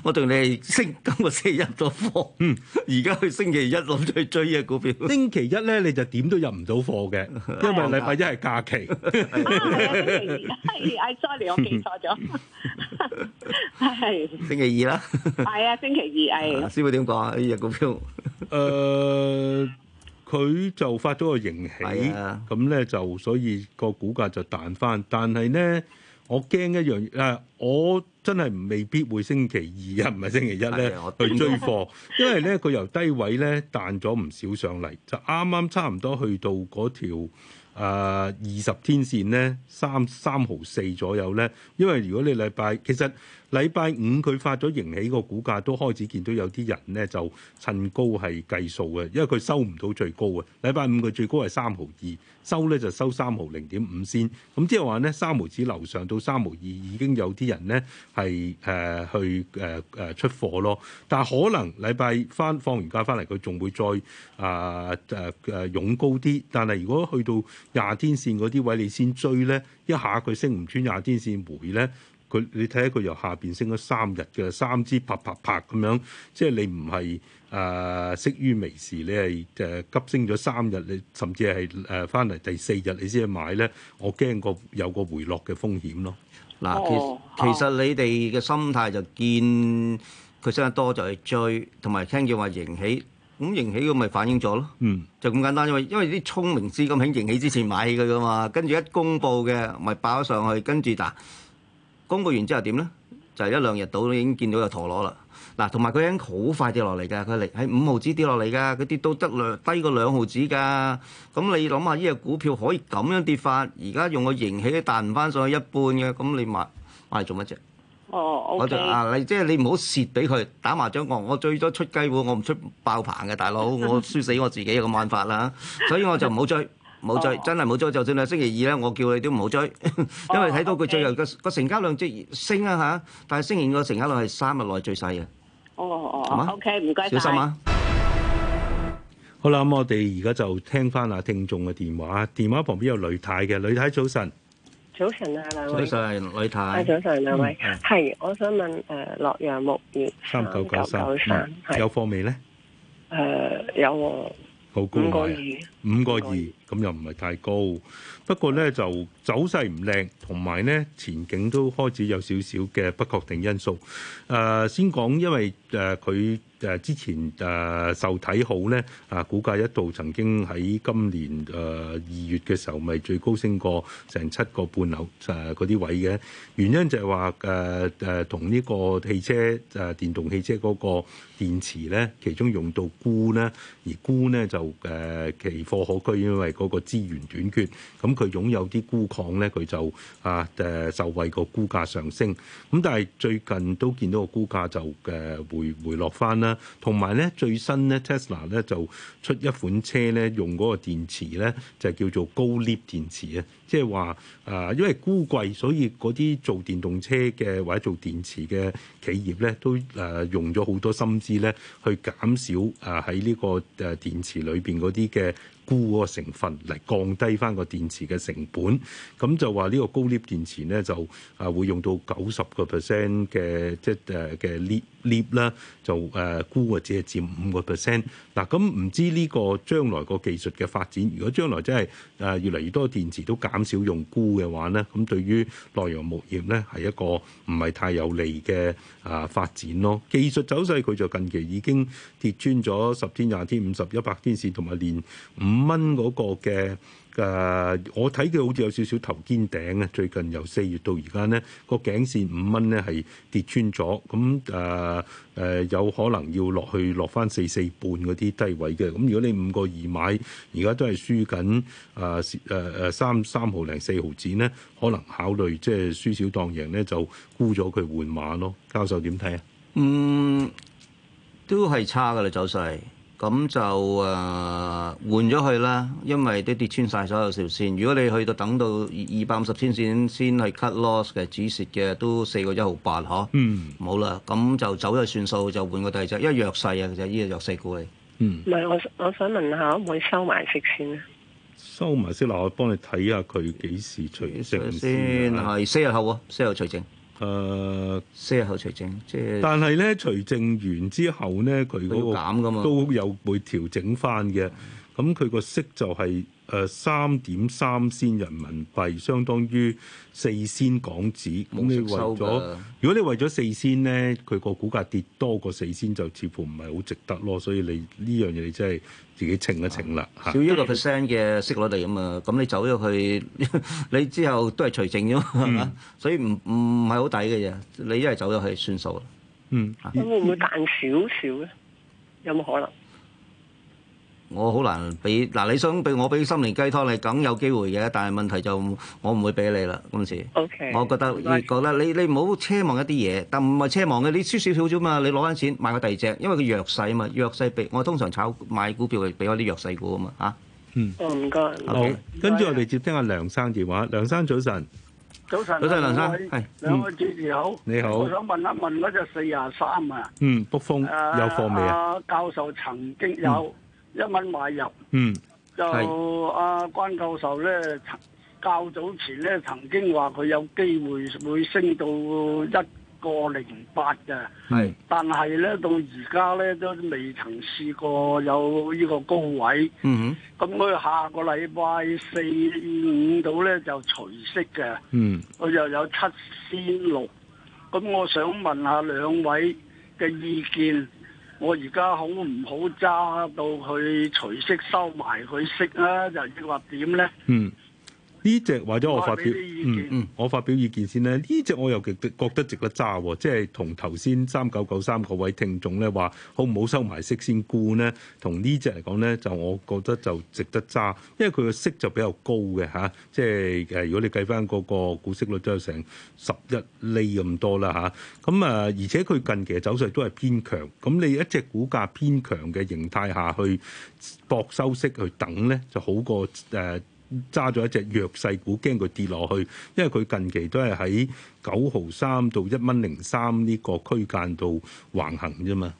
我同你係星期我星期一入貨，嗯，而家佢星期一諗住去追嘅股票。星期一咧，你就點都入唔到貨嘅，因為禮拜一係假期。啊，星期二，哎，sorry，我記錯咗。係星期二啦。係啊，星期二係。師傅點講呢隻股票？誒。佢就發咗個形起咁咧，的就所以個股價就彈返。但係呢，我驚一樣，啊，我真係未必會星期二啊，唔係星期一呢，的去追貨， 因為呢，佢由低位呢彈咗唔少上嚟，就啱啱差唔多去到嗰條呃、二十天線呢，三三毫四左右呢。因為如果你禮拜其實。禮拜五佢發咗盈喜個股價都開始見到有啲人咧就趁高係計數嘅，因為佢收唔到最高啊！禮拜五佢最高係三毫二，收咧就收三毫零點五仙。咁即係話咧三毫紙樓上到三毫二已經有啲人咧係誒去誒誒、呃、出貨咯。但係可能禮拜翻放完假翻嚟佢仲會再啊誒誒湧高啲，但係如果去到廿天線嗰啲位你先追咧，一下佢升唔穿廿天線回咧。佢你睇下佢由下邊升咗三日嘅三支啪啪啪咁樣，即係你唔係誒識於微時，你係誒急升咗三日，你甚至係誒翻嚟第四日你先去買咧，我驚過有個回落嘅風險咯。嗱，其實其實你哋嘅心態就見佢升得多就係追，同埋聽見話盈喜，咁盈喜咁咪反映咗咯。嗯，就咁簡單，因為因為啲聰明資金喺盈喜之前買起佢噶嘛，跟住一公布嘅咪爆咗上去，跟住嗱。公告完之後點呢？就係、一兩日到已經見到有陀螺啦。嗱、啊，同埋佢已經好快跌落嚟㗎，佢嚟喺五毫紙跌落嚟㗎，佢跌到得略低，低過兩毫紙㗎。咁、嗯、你諗下，呢、呢隻股票可以咁樣跌法，而家用個形起彈唔翻上去一半嘅，咁、嗯、你買買嚟做乜啫？哦，我就啊，你即係、oh, okay. 啊、你唔好蝕俾佢打麻將。我我最多出雞，我唔出爆棚嘅，大佬，我輸死我自己嘅玩法啦。 所以我就唔好追。冇追，真係冇追。就算啦星期二咧，我叫你都唔好追，因為睇到佢最後個個成交量即係升啊吓，但係星期二個成交量係三日內最細嘅。哦哦，OK，唔該曬。小心啊！好啦，咁我哋而家就聽翻下聽眾嘅電話。電話旁邊有雷太嘅，雷太早晨。早晨啊，兩位。早晨，雷太。早晨，兩位。係，我想問誒，洛陽木業三九九三，有貨未咧？誒，有喎。好高，五個二，咁又唔係太高。不過呢，就走勢唔靚，同埋呢前景都開始有少少嘅不確定因素。誒、呃，先講，因為誒佢。呃誒之前誒受睇好咧，啊股價一度曾經喺今年誒二月嘅時候，咪最高升過成七個半樓誒啲位嘅。原因就係話誒誒同呢個汽車誒電動汽車個電池咧，其中用到鈷咧，而鈷咧就誒奇貨可居，因為個資源短缺。咁佢擁有啲鈷礦咧，佢就啊誒受惠個股價上升。咁但係最近都見到個股價就誒回回落返啦。同埋咧，最新咧，Tesla 咧就出一款車咧，用嗰個電池咧，就係，叫做高鎳電池啊。即係話誒，因為鈷貴，所以嗰啲做電動車嘅或者做電池嘅企業咧，都誒用咗好多心思咧，去減少誒喺呢個誒電池裏邊嗰啲嘅鈷嗰個成分嚟降低翻個電池嘅成、成本。咁就話呢個高鎳電池咧就誒會用到九十個 percent 嘅即係誒嘅鎳鎳啦，就誒鈷或者係佔五個 percent。嗱，咁唔知呢個將來個技術嘅發展，如果將來真係誒越嚟越多電池都減少用鈷嘅話咧，咁對於洛陽鉬業咧係一個唔係太有利嘅啊發展咯。技術走勢，佢就近期已經跌穿咗十天、廿天、五十一百天綫同埋連五蚊嗰個嘅。誒，uh, 我睇佢好似有少少頭肩頂啊！最近由四月到而家呢個頸線五蚊呢係跌穿咗，咁誒誒有可能要落去落翻四四半嗰啲低位嘅。咁如果你五個二買，而家都係輸緊誒誒誒三三毫零四毫子呢，可能考慮即係輸少當贏呢，就，是、就沽咗佢換碼咯。教授點睇啊？嗯，都係差㗎喇，走勢。咁就誒換咗佢啦，因為都跌穿晒所有條線。如果你去到等到二百五十天線先係 cut loss 嘅止蝕嘅，都四個一毫八嗬。嗯，冇啦，咁就走咗算數，就換個第二隻，因為弱勢啊，其實呢個弱勢股嚟。嗯，唔係，我我想問下可唔可以收埋息先啊？收埋息嗱，我幫你睇下佢幾時除息先，係四日後喎，四日除息。誒、呃、四日後除證，即係，但係咧，除證完之後咧，佢嗰、那個、減嘛，都有會調整翻嘅。咁佢個息就係誒三點三仙人民幣，相當於四仙港紙。咁你為咗如果你為咗四仙咧，佢個股價跌多過四仙就似乎唔係好值得咯。所以你呢樣嘢你真係自己稱一稱啦、啊。少一個 percent 嘅息率嚟啊嘛，咁你走咗去， 你之後都係除淨啫嘛，嗯、 所以唔唔係好抵嘅啫。你一係走咗去算數，嗯。啊、會唔會彈少少咧？有冇可能？我好難俾嗱，你想俾我俾心靈雞湯你梗有機會嘅，但係問題就我唔會俾你啦嗰陣時。O K，我覺得覺得你你唔好奢望一啲嘢，但唔係奢望嘅，你輸少少啫嘛，你攞翻錢買個第二隻，因為佢弱勢啊嘛，弱勢比我通常炒買股票係比開啲弱勢股啊嘛嚇。嗯。哦，唔該。好。跟住我哋接聽阿梁生電話，梁生早晨。早晨。早晨，梁生。係。兩位主持好。你好。我想問一問嗰隻四廿三啊。嗯，卜蜂。有貨未啊？教授曾經有。一蚊買入，嗯，就阿是、啊、關教授咧，較早前咧曾經話佢有機會會升到一個零八嘅，係是，但係咧到而家咧都未曾試過有呢個高位，嗯咁哼佢、嗯、下個禮拜四五到咧就隨息除息嘅，嗯，佢就有七仙六，咁我想問下兩位嘅意見。我而家好唔好揸到去隨息收埋佢息啊？又抑或點咧？嗯。呢隻或者我發表，嗯嗯，我發表意見先咧。呢隻我又覺得覺得值得揸喎，即係同頭先三九九三個位聽眾咧話，好唔好收埋息先沽呢？同呢隻嚟講咧，就我覺得就值得揸，因為佢嘅息就比較高嘅嚇，即係誒。如果你計翻嗰個股息率都有成十一厘咁多啦嚇。咁啊，而且佢近期嘅走勢都係偏強，咁你一隻股價偏強嘅形態下去搏收息去等咧，就好過誒。呃揸咗一隻弱勢股，驚佢跌落去，因為佢近期都係喺九毫三到一蚊零三呢個區間度橫行啫嘛。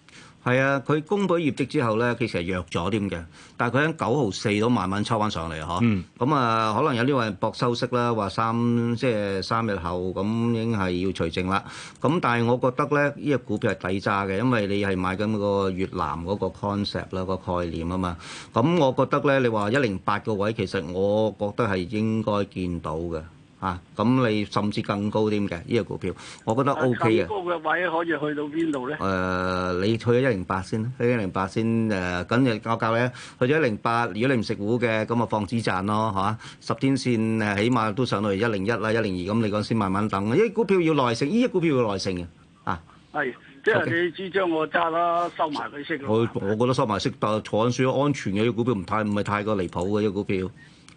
係啊，佢公布業績之後咧，其實弱咗啲嘅，但係佢喺九毫四都慢慢抽翻上嚟呵。咁啊、嗯，可能有啲人博收息啦，話三即係三日後咁應係要除證啦。咁但係我覺得咧，呢、這、隻、個、股票係抵揸嘅，因為你係買緊個越南嗰個 concept 啦個概念啊嘛。咁、那個、我覺得咧，你話一零八個位，其實我覺得係應該見到嘅。啊，咁你甚至更高啲嘅呢個股票，我覺得 OK 嘅。高嘅位可以去到邊度咧？誒、呃，你去咗一零八先啦，一零八先誒，咁日交價咧去咗一零八。如果你唔食糊嘅，咁啊放止賺咯，嚇、啊、十天線誒、啊，起碼都上到嚟一零一啦，一零二咁，你講先慢慢等。依啲股票要耐性，呢啲股票要耐性嘅。啊，係，即、就、係、是、Okay? 你只將我揸啦，收埋佢息，我我覺得收埋息但係坐船，安全嘅啲股票唔太唔係太過離譜嘅呢啲股票。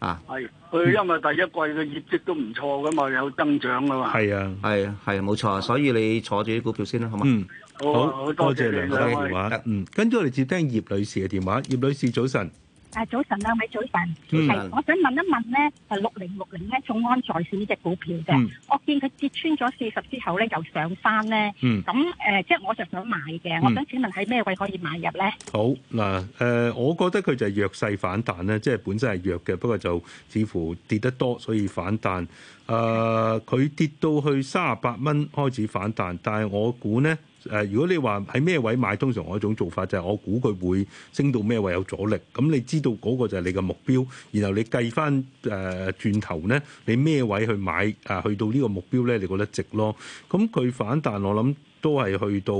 啊，係佢因為第一季嘅業績都唔錯噶嘛，有增長噶嘛。係啊，係啊，係啊，冇錯。所以你坐住啲股票先啦，好嘛？嗯，好，好好多謝梁生嘅電話。嗯，跟住我哋接聽葉女士嘅電話。葉女士，早晨。誒早晨，兩位早晨，係、嗯、我想問一問咧，誒六零六零咧，眾安在線呢隻股票嘅，嗯、我見佢跌穿咗四十之後咧，又上翻咧，咁誒、嗯呃，即係我就想買嘅，我想請問喺咩位可以買入咧？好嗱，誒、呃，我覺得佢就係弱勢反彈咧，即係本身係弱嘅，不過就似乎跌得多，所以反彈。誒、呃，佢跌到去三十八蚊開始反彈，但係我估咧。誒，如果你話喺咩位買，通常我一種做法就係我估佢會升到咩位有阻力，咁你知道嗰個就係你嘅目標，然後你計翻誒轉頭咧，你咩位去買啊？去到呢個目標咧，你覺得值咯。咁佢反彈，我諗。都係去到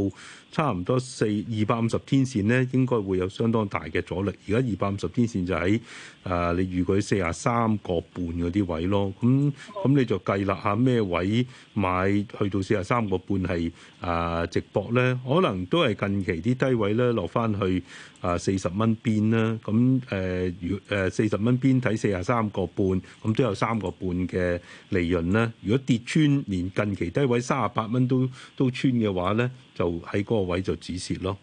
差唔多四二百五十天線咧，應該會有相當大嘅阻力。而家二百五十天線就喺誒你預佢四十三個半嗰啲位咯。咁咁你就計啦，下咩位買去到四十三個半係誒直播咧？可能都係近期啲低位咧落翻去誒四十蚊邊啦。咁誒如誒四十蚊邊睇四十三個半，咁、呃、都有三個半嘅利潤啦。如果跌穿連近期低位三十八蚊都都穿嘅。話咧就喺嗰個位就止蝕咯。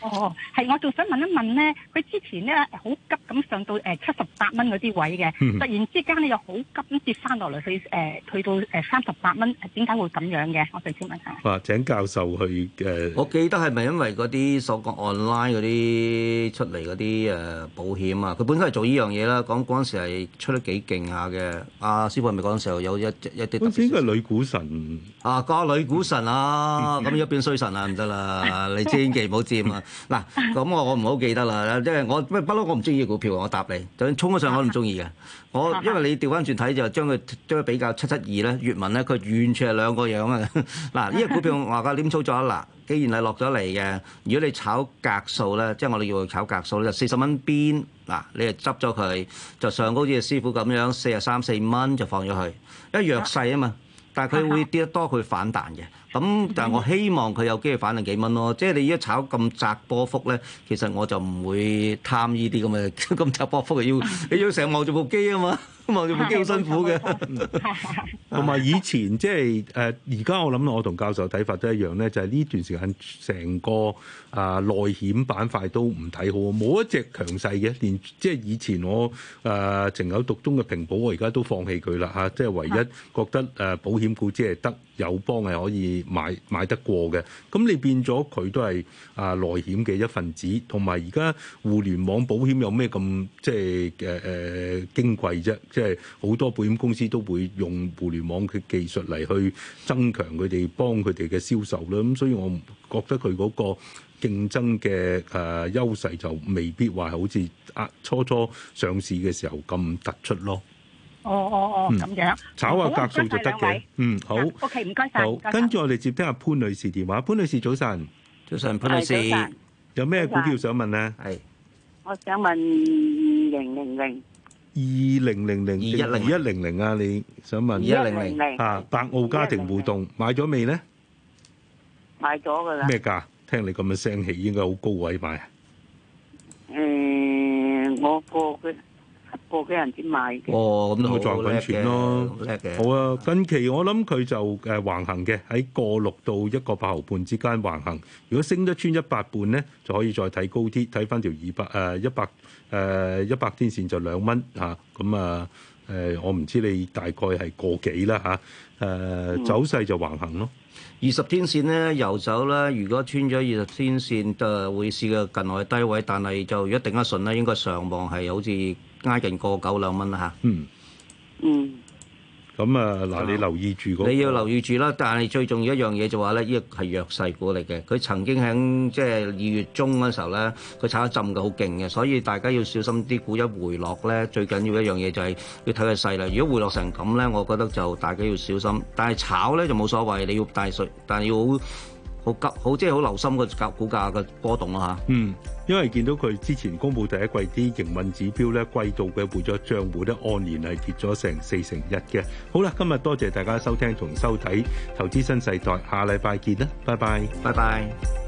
哦，係，我仲想問一問咧，佢之前咧好急咁上到誒七十八蚊嗰啲位嘅，嗯、突然之間咧又好急咁跌翻落嚟去誒，去到誒三十八蚊，點解會咁樣嘅？我哋先問下。哇、啊，請教授去誒。Uh, 我記得係咪因為嗰啲所講 online 嗰啲出嚟嗰啲誒保險啊？佢本身係做呢樣嘢啦，講嗰陣時係出得幾勁下嘅。阿師傅係咪嗰時候有一隻一啲。應該係女股神？啊，個女股神啊，咁 一邊衰神啊，唔得啦，你千祈唔好佔 啊！嗱，咁我我唔好記得啦，即係我，因為我不不嬲，我唔中意股票，我答你，就算衝咗上我都唔中意嘅。我因為你調翻轉睇就將佢將佢比較七七二咧，粵文咧，佢完全係兩個樣啊！嗱，呢個股票我話齋點操作啊？嗱，既然係落咗嚟嘅，如果你炒格數咧，即、就、係、是、我哋要去炒格數咧，四十蚊邊嗱、啊，你就執咗佢就上高啲師傅咁樣四十三四蚊就放咗佢，因為弱勢啊嘛。 但係佢會跌得多，佢反彈嘅。咁但係我希望佢有機會反彈幾蚊咯。即係你一炒咁窄波幅咧，其實我就唔會貪呢啲咁嘅咁窄波幅，又要你要成日望住部機啊嘛。咁啊，又咪幾好辛苦嘅？同 埋樂以前即係誒而家我諗我同教授睇法都一樣咧，就係、是、呢段時間成個啊內險板塊都唔睇好，冇一隻強勢嘅，連即係以前我誒、呃、情有獨鍾嘅平保，我而家都放棄佢啦吓，即係唯一覺得誒保險股即係得友邦係可以買買得過嘅。咁你變咗佢都係啊內險嘅一份子，同埋而家互聯網保險有咩咁即係誒誒矜貴啫？呃即係好多保險公司都會用互聯網嘅技術嚟去增強佢哋幫佢哋嘅銷售啦，咁所以我覺得佢嗰個競爭嘅誒優勢就未必話好似啊初初上市嘅時候咁突出咯。哦哦哦，咁樣炒下格數就得嘅。嗯，好。OK，唔該晒。好，跟住我哋接聽阿潘女士電話。潘女士早晨，早晨潘女士，有咩股票想問呢？係，我想問盈盈盈。二零零零二一零一零零啊！2000, 00, 你想問二一零零啊？百奧家庭互動買咗未呢？買咗噶啦。咩價？聽你咁嘅聲氣，應該好高位買。誒、嗯，我個嘅。個幾人先買嘅哦，咁都好叻嘅。好啊、哦，近期我諗佢就誒橫行嘅，喺個六到一個八毫半之間橫行。如果升得穿一百半咧，就可以再睇高啲，睇翻條二百誒一百誒一百天線就兩蚊嚇。咁啊誒、啊，我唔知你大概係個幾啦嚇，誒走勢就橫行咯。二十天線咧遊走啦。如果穿咗二十天線，就會試嘅近外低位，但係就一定一順咧，應該上望係好似。挨人個九兩蚊啦吓，嗯，嗯，咁啊嗱，你留意住個，你要留意住啦。但係最重要一樣嘢就話、是、咧，呢個係弱勢股嚟嘅。佢曾經喺即係二月中嗰時候咧，佢炒得浸嘅好勁嘅，所以大家要小心啲。股一回落咧，最緊要一樣嘢就係要睇佢勢啦。如果回落成咁咧，我覺得就大家要小心。但係炒咧就冇所謂，你要帶水，但係要好好急，好即係好留心個價股價嘅波動啦嚇。啊、嗯。因為見到佢之前公佈第一季啲營運指標咧，季度嘅活躍帳戶咧按年係跌咗成四成一嘅。好啦，今日多謝大家收聽同收睇《投資新世代》，下禮拜見啦，拜拜，拜拜。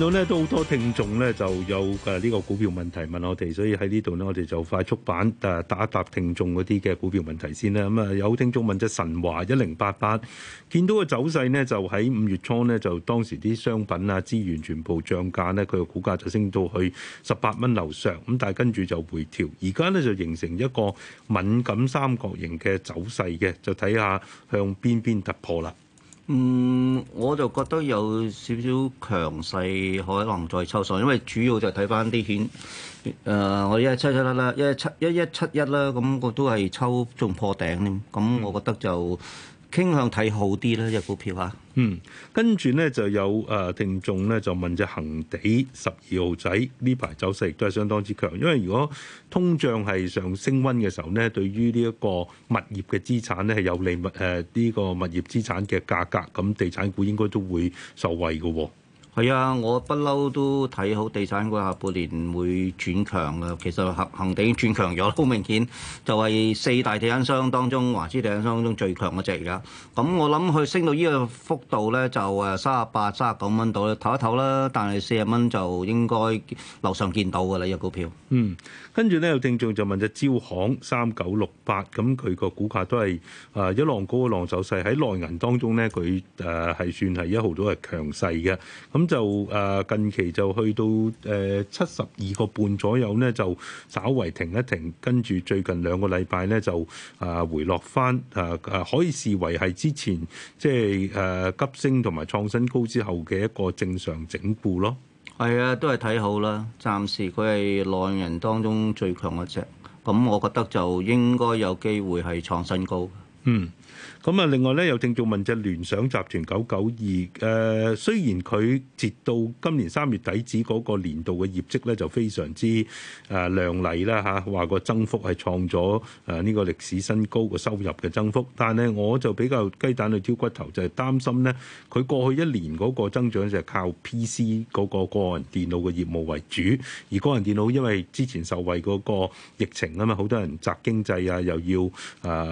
到呢度好多聽眾呢就有嘅呢個股票問題問我哋，所以喺呢度呢，我哋就快速版誒打答聽眾嗰啲嘅股票問題先啦。咁啊，有聽眾問隻神華一零八八，見到個走勢呢，就喺五月初呢，就當時啲商品啊資源全部漲價呢，佢個股價就升到去十八蚊樓上，咁但係跟住就回調，而家呢就形成一個敏感三角形嘅走勢嘅，就睇下向邊邊突破啦。嗯，我就覺得有少少強勢可能再抽上，因為主要就睇翻啲片，誒、呃，我一七七啦，一七一一七一啦，咁我都係抽中破頂，咁我覺得就，嗯傾向睇好啲啦，隻股票啊。嗯，跟住咧就有誒、呃、聽眾咧就問隻恒地十二號仔呢排走勢亦都係相當之強，因為如果通脹係上升溫嘅時候咧，對於呢一個物業嘅資產咧係有利物誒呢、呃這個物業資產嘅價格，咁地產股應該都會受惠嘅喎、哦。係啊，我不嬲都睇好地產股下半年會轉強嘅。其實恆恆地已經轉強咗，好明顯，就係四大地產商當中，華資地產商當中最強嗰隻而家。咁我諗佢升到呢個幅度咧，就誒三十八、三十九蚊到咧，唞一唞啦。但係四十蚊就應該樓上見到㗎啦，隻、呢個、股票。嗯，跟住咧有聽眾就問隻招行三九六八，咁佢個股價都係誒、呃、一浪高一浪走勢，喺內銀當中咧，佢誒係算係一號都係強勢嘅。咁就誒近期就去到誒七十二個半左右呢就稍為停一停，跟住最近兩個禮拜呢就誒回落翻誒誒，可以視為係之前即係誒急升同埋創新高之後嘅一個正常整固咯。係啊，都係睇好啦。暫時佢係浪人當中最強一隻，咁我覺得就應該有機會係創新高。嗯。咁啊，另外咧又正做問隻聯想集團九九二，誒雖然佢截到今年三月底止嗰個年度嘅業績咧就非常之誒、呃、靚麗啦嚇，話、啊、個增幅係創咗誒呢個歷史新高嘅收入嘅增幅，但係我就比較雞蛋去挑骨頭，就係擔心咧，佢過去一年嗰個增長就係靠 PC 嗰個個人電腦嘅業務為主，而個人電腦因為之前受惠嗰個疫情啊嘛，好多人宅經濟啊，又要誒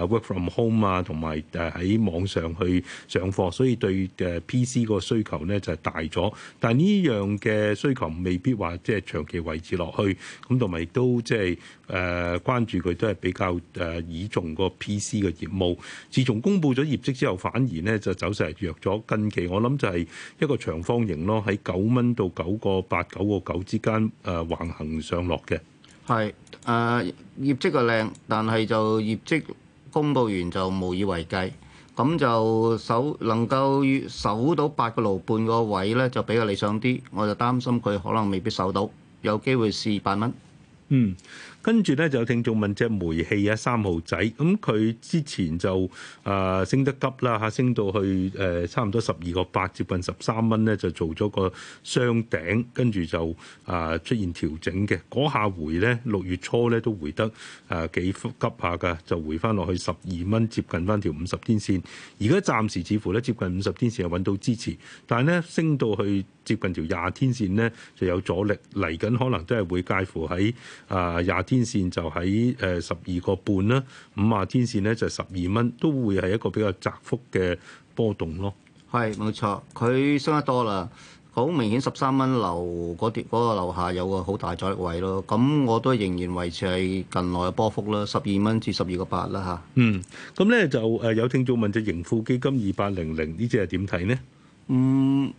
work from home 啊，同埋。誒喺網上去上課，所以對誒 PC 個需求咧就係、是、大咗，但係呢樣嘅需求未必話即係長期維持落去。咁同埋都即係誒關注佢都係比較誒倚、呃、重個 PC 嘅業務。自從公布咗業績之後，反而咧就走勢係弱咗。近期我諗就係一個長方形咯，喺九蚊到九個八、九個九之間誒、呃、橫行上落嘅。係誒、呃、業績啊靚，但係就業績，公布完就無以為繼，咁就守能夠守到八個路半個位咧，就比較理想啲。我就擔心佢可能未必守到，有機會試八蚊。嗯。跟住咧就有聽眾問隻煤氣啊三號仔，咁佢之前就啊、呃、升得急啦嚇，升到去誒、呃、差唔多十二個八接近十三蚊咧，就做咗個雙頂，跟住就啊、呃、出現調整嘅。嗰下回咧六月初咧都回得誒、呃、幾急下㗎，就回翻落去十二蚊接近翻條五十天線。而家暫時似乎咧接近五十天線係揾到支持，但係咧升到去接近條廿天線咧，就有阻力嚟緊，可能都係會介乎喺啊廿天線就喺誒十二個半啦，五十天線咧就十二蚊，都會係一個比較窄幅嘅波動咯。係冇錯，佢升得多啦，好明顯十三蚊樓嗰啲嗰個樓、那個、下有個好大阻力位咯。咁我都仍然維持喺近來嘅波幅啦，十二蚊至十二個八啦吓，嗯，咁咧就誒有聽眾問隻盈富基金二八零零呢隻係點睇呢？嗯。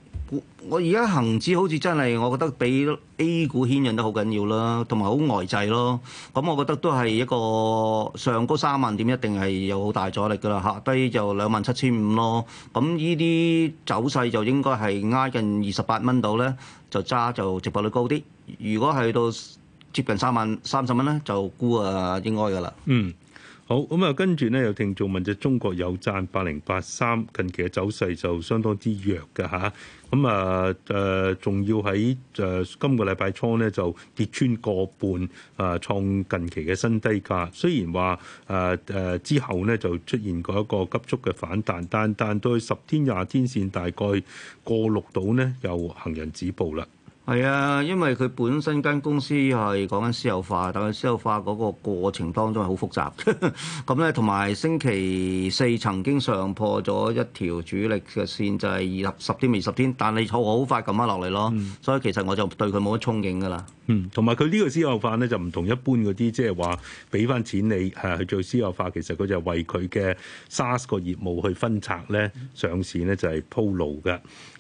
我而家恆指好似真係，我覺得比 A 股牽引得好緊要啦，同埋好呆滯咯。咁我覺得都係一個上高三萬點一定係有好大阻力噶啦，下低就兩萬七千五咯。咁呢啲走勢就應該係挨近二十八蚊度咧，就揸就直博率高啲。如果係到接近三萬三十蚊咧，就沽啊，應該噶啦。嗯。好咁啊！跟住咧，有聽眾問就中國有贊八零八三近期嘅走勢就相當之弱㗎吓，咁啊誒，仲、呃、要喺誒、呃、今個禮拜初呢，就跌穿個半啊、呃，創近期嘅新低價。雖然話誒誒之後呢，就出現過一個急速嘅反彈，但但對十天廿天線大概過六度呢，又行人止步啦。係啊，因為佢本身間公司係講緊私有化，但係私有化嗰個過程當中係好複雜。咁咧，同埋星期四曾經上破咗一條主力嘅線，就係二十天二十天，但係好快撳翻落嚟咯。嗯、所以其實我就對佢冇乜憧憬㗎啦。嗯，同埋佢呢個私有化咧，就唔同一般嗰啲即係話俾翻錢你係去做私有化，其實佢就係為佢嘅 SaaS 個業務去分拆咧上市咧，就係鋪路嘅。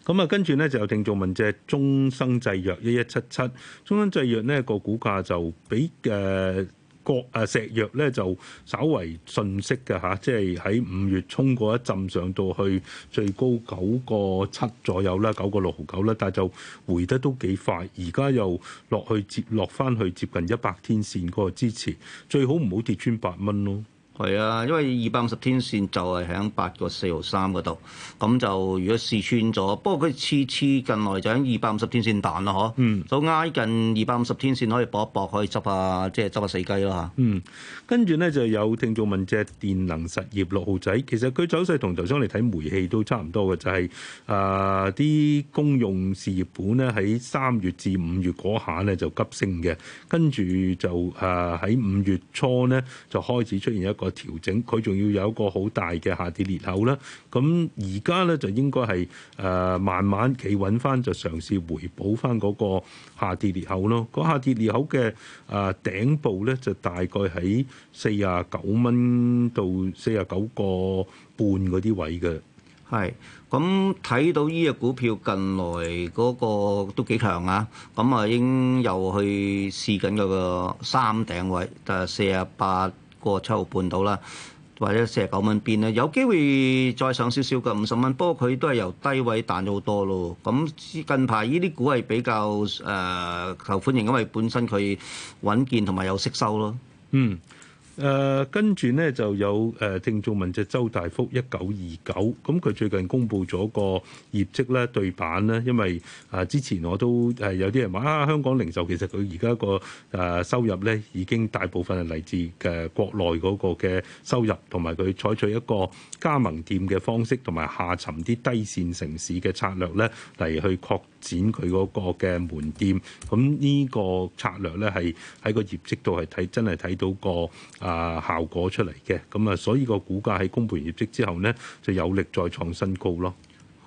咁、呃、啊，跟住咧就有聽眾問隻中生製藥一一七七，中生製藥呢個股價就比誒國誒石藥咧就稍為遜色嘅吓，即係喺五月衝過一陣上，上到去最高九個七左右啦，九個六毫九啦，但係就回得都幾快，而家又落去接落翻去接近一百天線嗰個支持，最好唔好跌穿八蚊咯。係啊，因為二百五十天線就係喺八個四號三嗰度，咁就如果試穿咗，不過佢次次近來就喺二百五十天線彈啦，嗬。嗯。就挨近二百五十天線可以搏一搏，可以執下即係執下死雞咯嚇。嗯。跟住呢，就有聽眾問隻電能實業六號仔，其實佢走勢同頭先我哋睇煤氣都差唔多嘅，就係啊啲公用事業本呢，喺三月至五月嗰下呢，就急升嘅，跟住就啊喺五月初呢，就開始出現一個。調整，佢仲要有一個好大嘅下跌裂口啦，咁而家咧就應該係誒慢慢企穩翻，就嘗試回補翻嗰個下跌裂口咯。個下跌裂口嘅誒頂部咧就大概喺四廿九蚊到四廿九個半嗰啲位嘅。係，咁睇到呢隻股票近來嗰個都幾強啊，咁啊應又去試緊嗰個三頂位，就係四廿八。過七毫半到啦，或者四十九蚊邊啦，有機會再上少少嘅五十蚊。不過佢都係由低位彈咗好多咯。咁近排呢啲股係比較誒受歡迎，因為本身佢穩健同埋有息收咯。嗯。誒跟住呢，就有誒、呃、聽眾問隻周大福一九二九，咁佢最近公布咗個業績咧對版，咧，因為啊、呃、之前我都誒有啲人話啊香港零售其實佢而家個誒收入咧已經大部分係嚟自嘅國內嗰個嘅收入，同埋佢採取一個加盟店嘅方式，同埋下沉啲低線城市嘅策略咧嚟去擴展佢嗰個嘅門店。咁呢個策略咧係喺個業績度係睇真係睇到個。呃啊！效果出嚟嘅，咁、嗯、啊，所以個股價喺公布業績之後呢，就有力再創新高咯。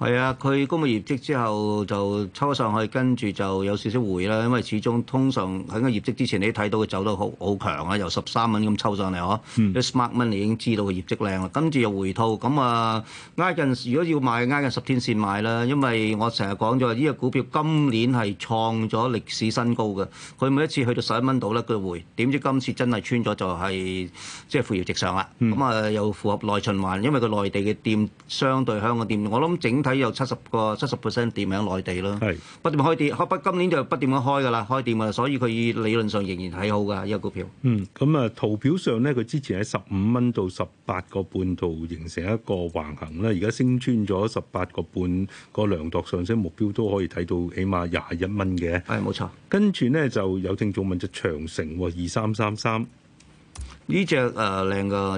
係啊，佢公布業績之後就抽上去，跟住就有少少回啦。因為始終通常喺個業績之前，你睇到佢走得好好強啊，由十三蚊咁抽上嚟呵。你 smart money 已經知道佢業績靚啦，跟住又回吐咁啊挨近。如果要買，挨近十天線買啦。因為我成日講咗，呢個股票今年係創咗歷史新高嘅。佢每一次去到十一蚊度咧，佢回，點知今次真係穿咗，就係即係扶搖直上啦。咁啊又符合內循環，因為佢內地嘅店相對香港店，我諗整體。有七十個七十 percent 店名內地咯，是不斷開店，開不今年就不斷咁開噶啦，開店啊，所以佢理論上仍然睇好噶呢、這個股票。嗯，咁啊，圖表上咧，佢之前喺十五蚊到十八個半度形成一個橫行咧，而家升穿咗十八個半，個量度上升目標都可以睇到起碼廿一蚊嘅。係，冇錯。跟住咧就有聽眾問隻長城二三三三。呢隻誒靚嘅，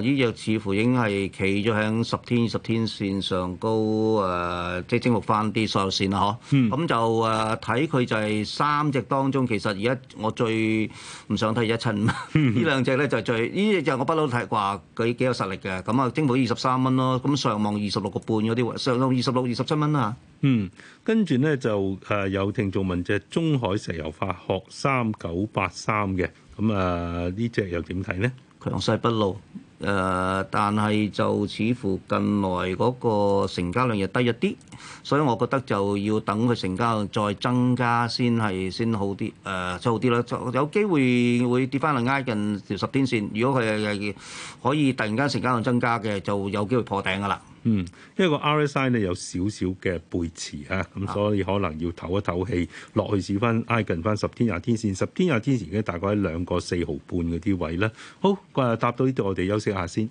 呢隻、呃、似乎已經係企咗喺十天、二十天線上高誒、呃，即係征服翻啲所有線啦，嗬、嗯。咁、嗯、就誒睇佢就係三隻當中，其實而家我最唔想睇一七呢、嗯、兩隻咧就係最呢隻就我不嬲睇話佢幾有實力嘅。咁啊，征服二十三蚊咯。咁上望二十六個半嗰啲，上到二十六、二十七蚊啊。嗯，跟住咧就誒、呃、有聽眾問隻中海石油化學三九八三嘅，咁啊、呃、呢隻又點睇咧？強勢不露，誒、呃，但係就似乎近來嗰個成交量又低一啲，所以我覺得就要等佢成交量再增加先係先好啲，誒、呃，好啲啦，有機會會跌翻嚟挨近條十天線。如果佢可以突然間成交量增加嘅，就有機會破頂㗎喇。嗯，因為個 RSI 咧有少少嘅背馳啊，咁所以可能要唞一唞氣，落去試翻挨近翻十天廿天線，十天廿天線已經大概喺兩個四毫半嗰啲位啦。好，誒，搭到呢度，我哋休息下先。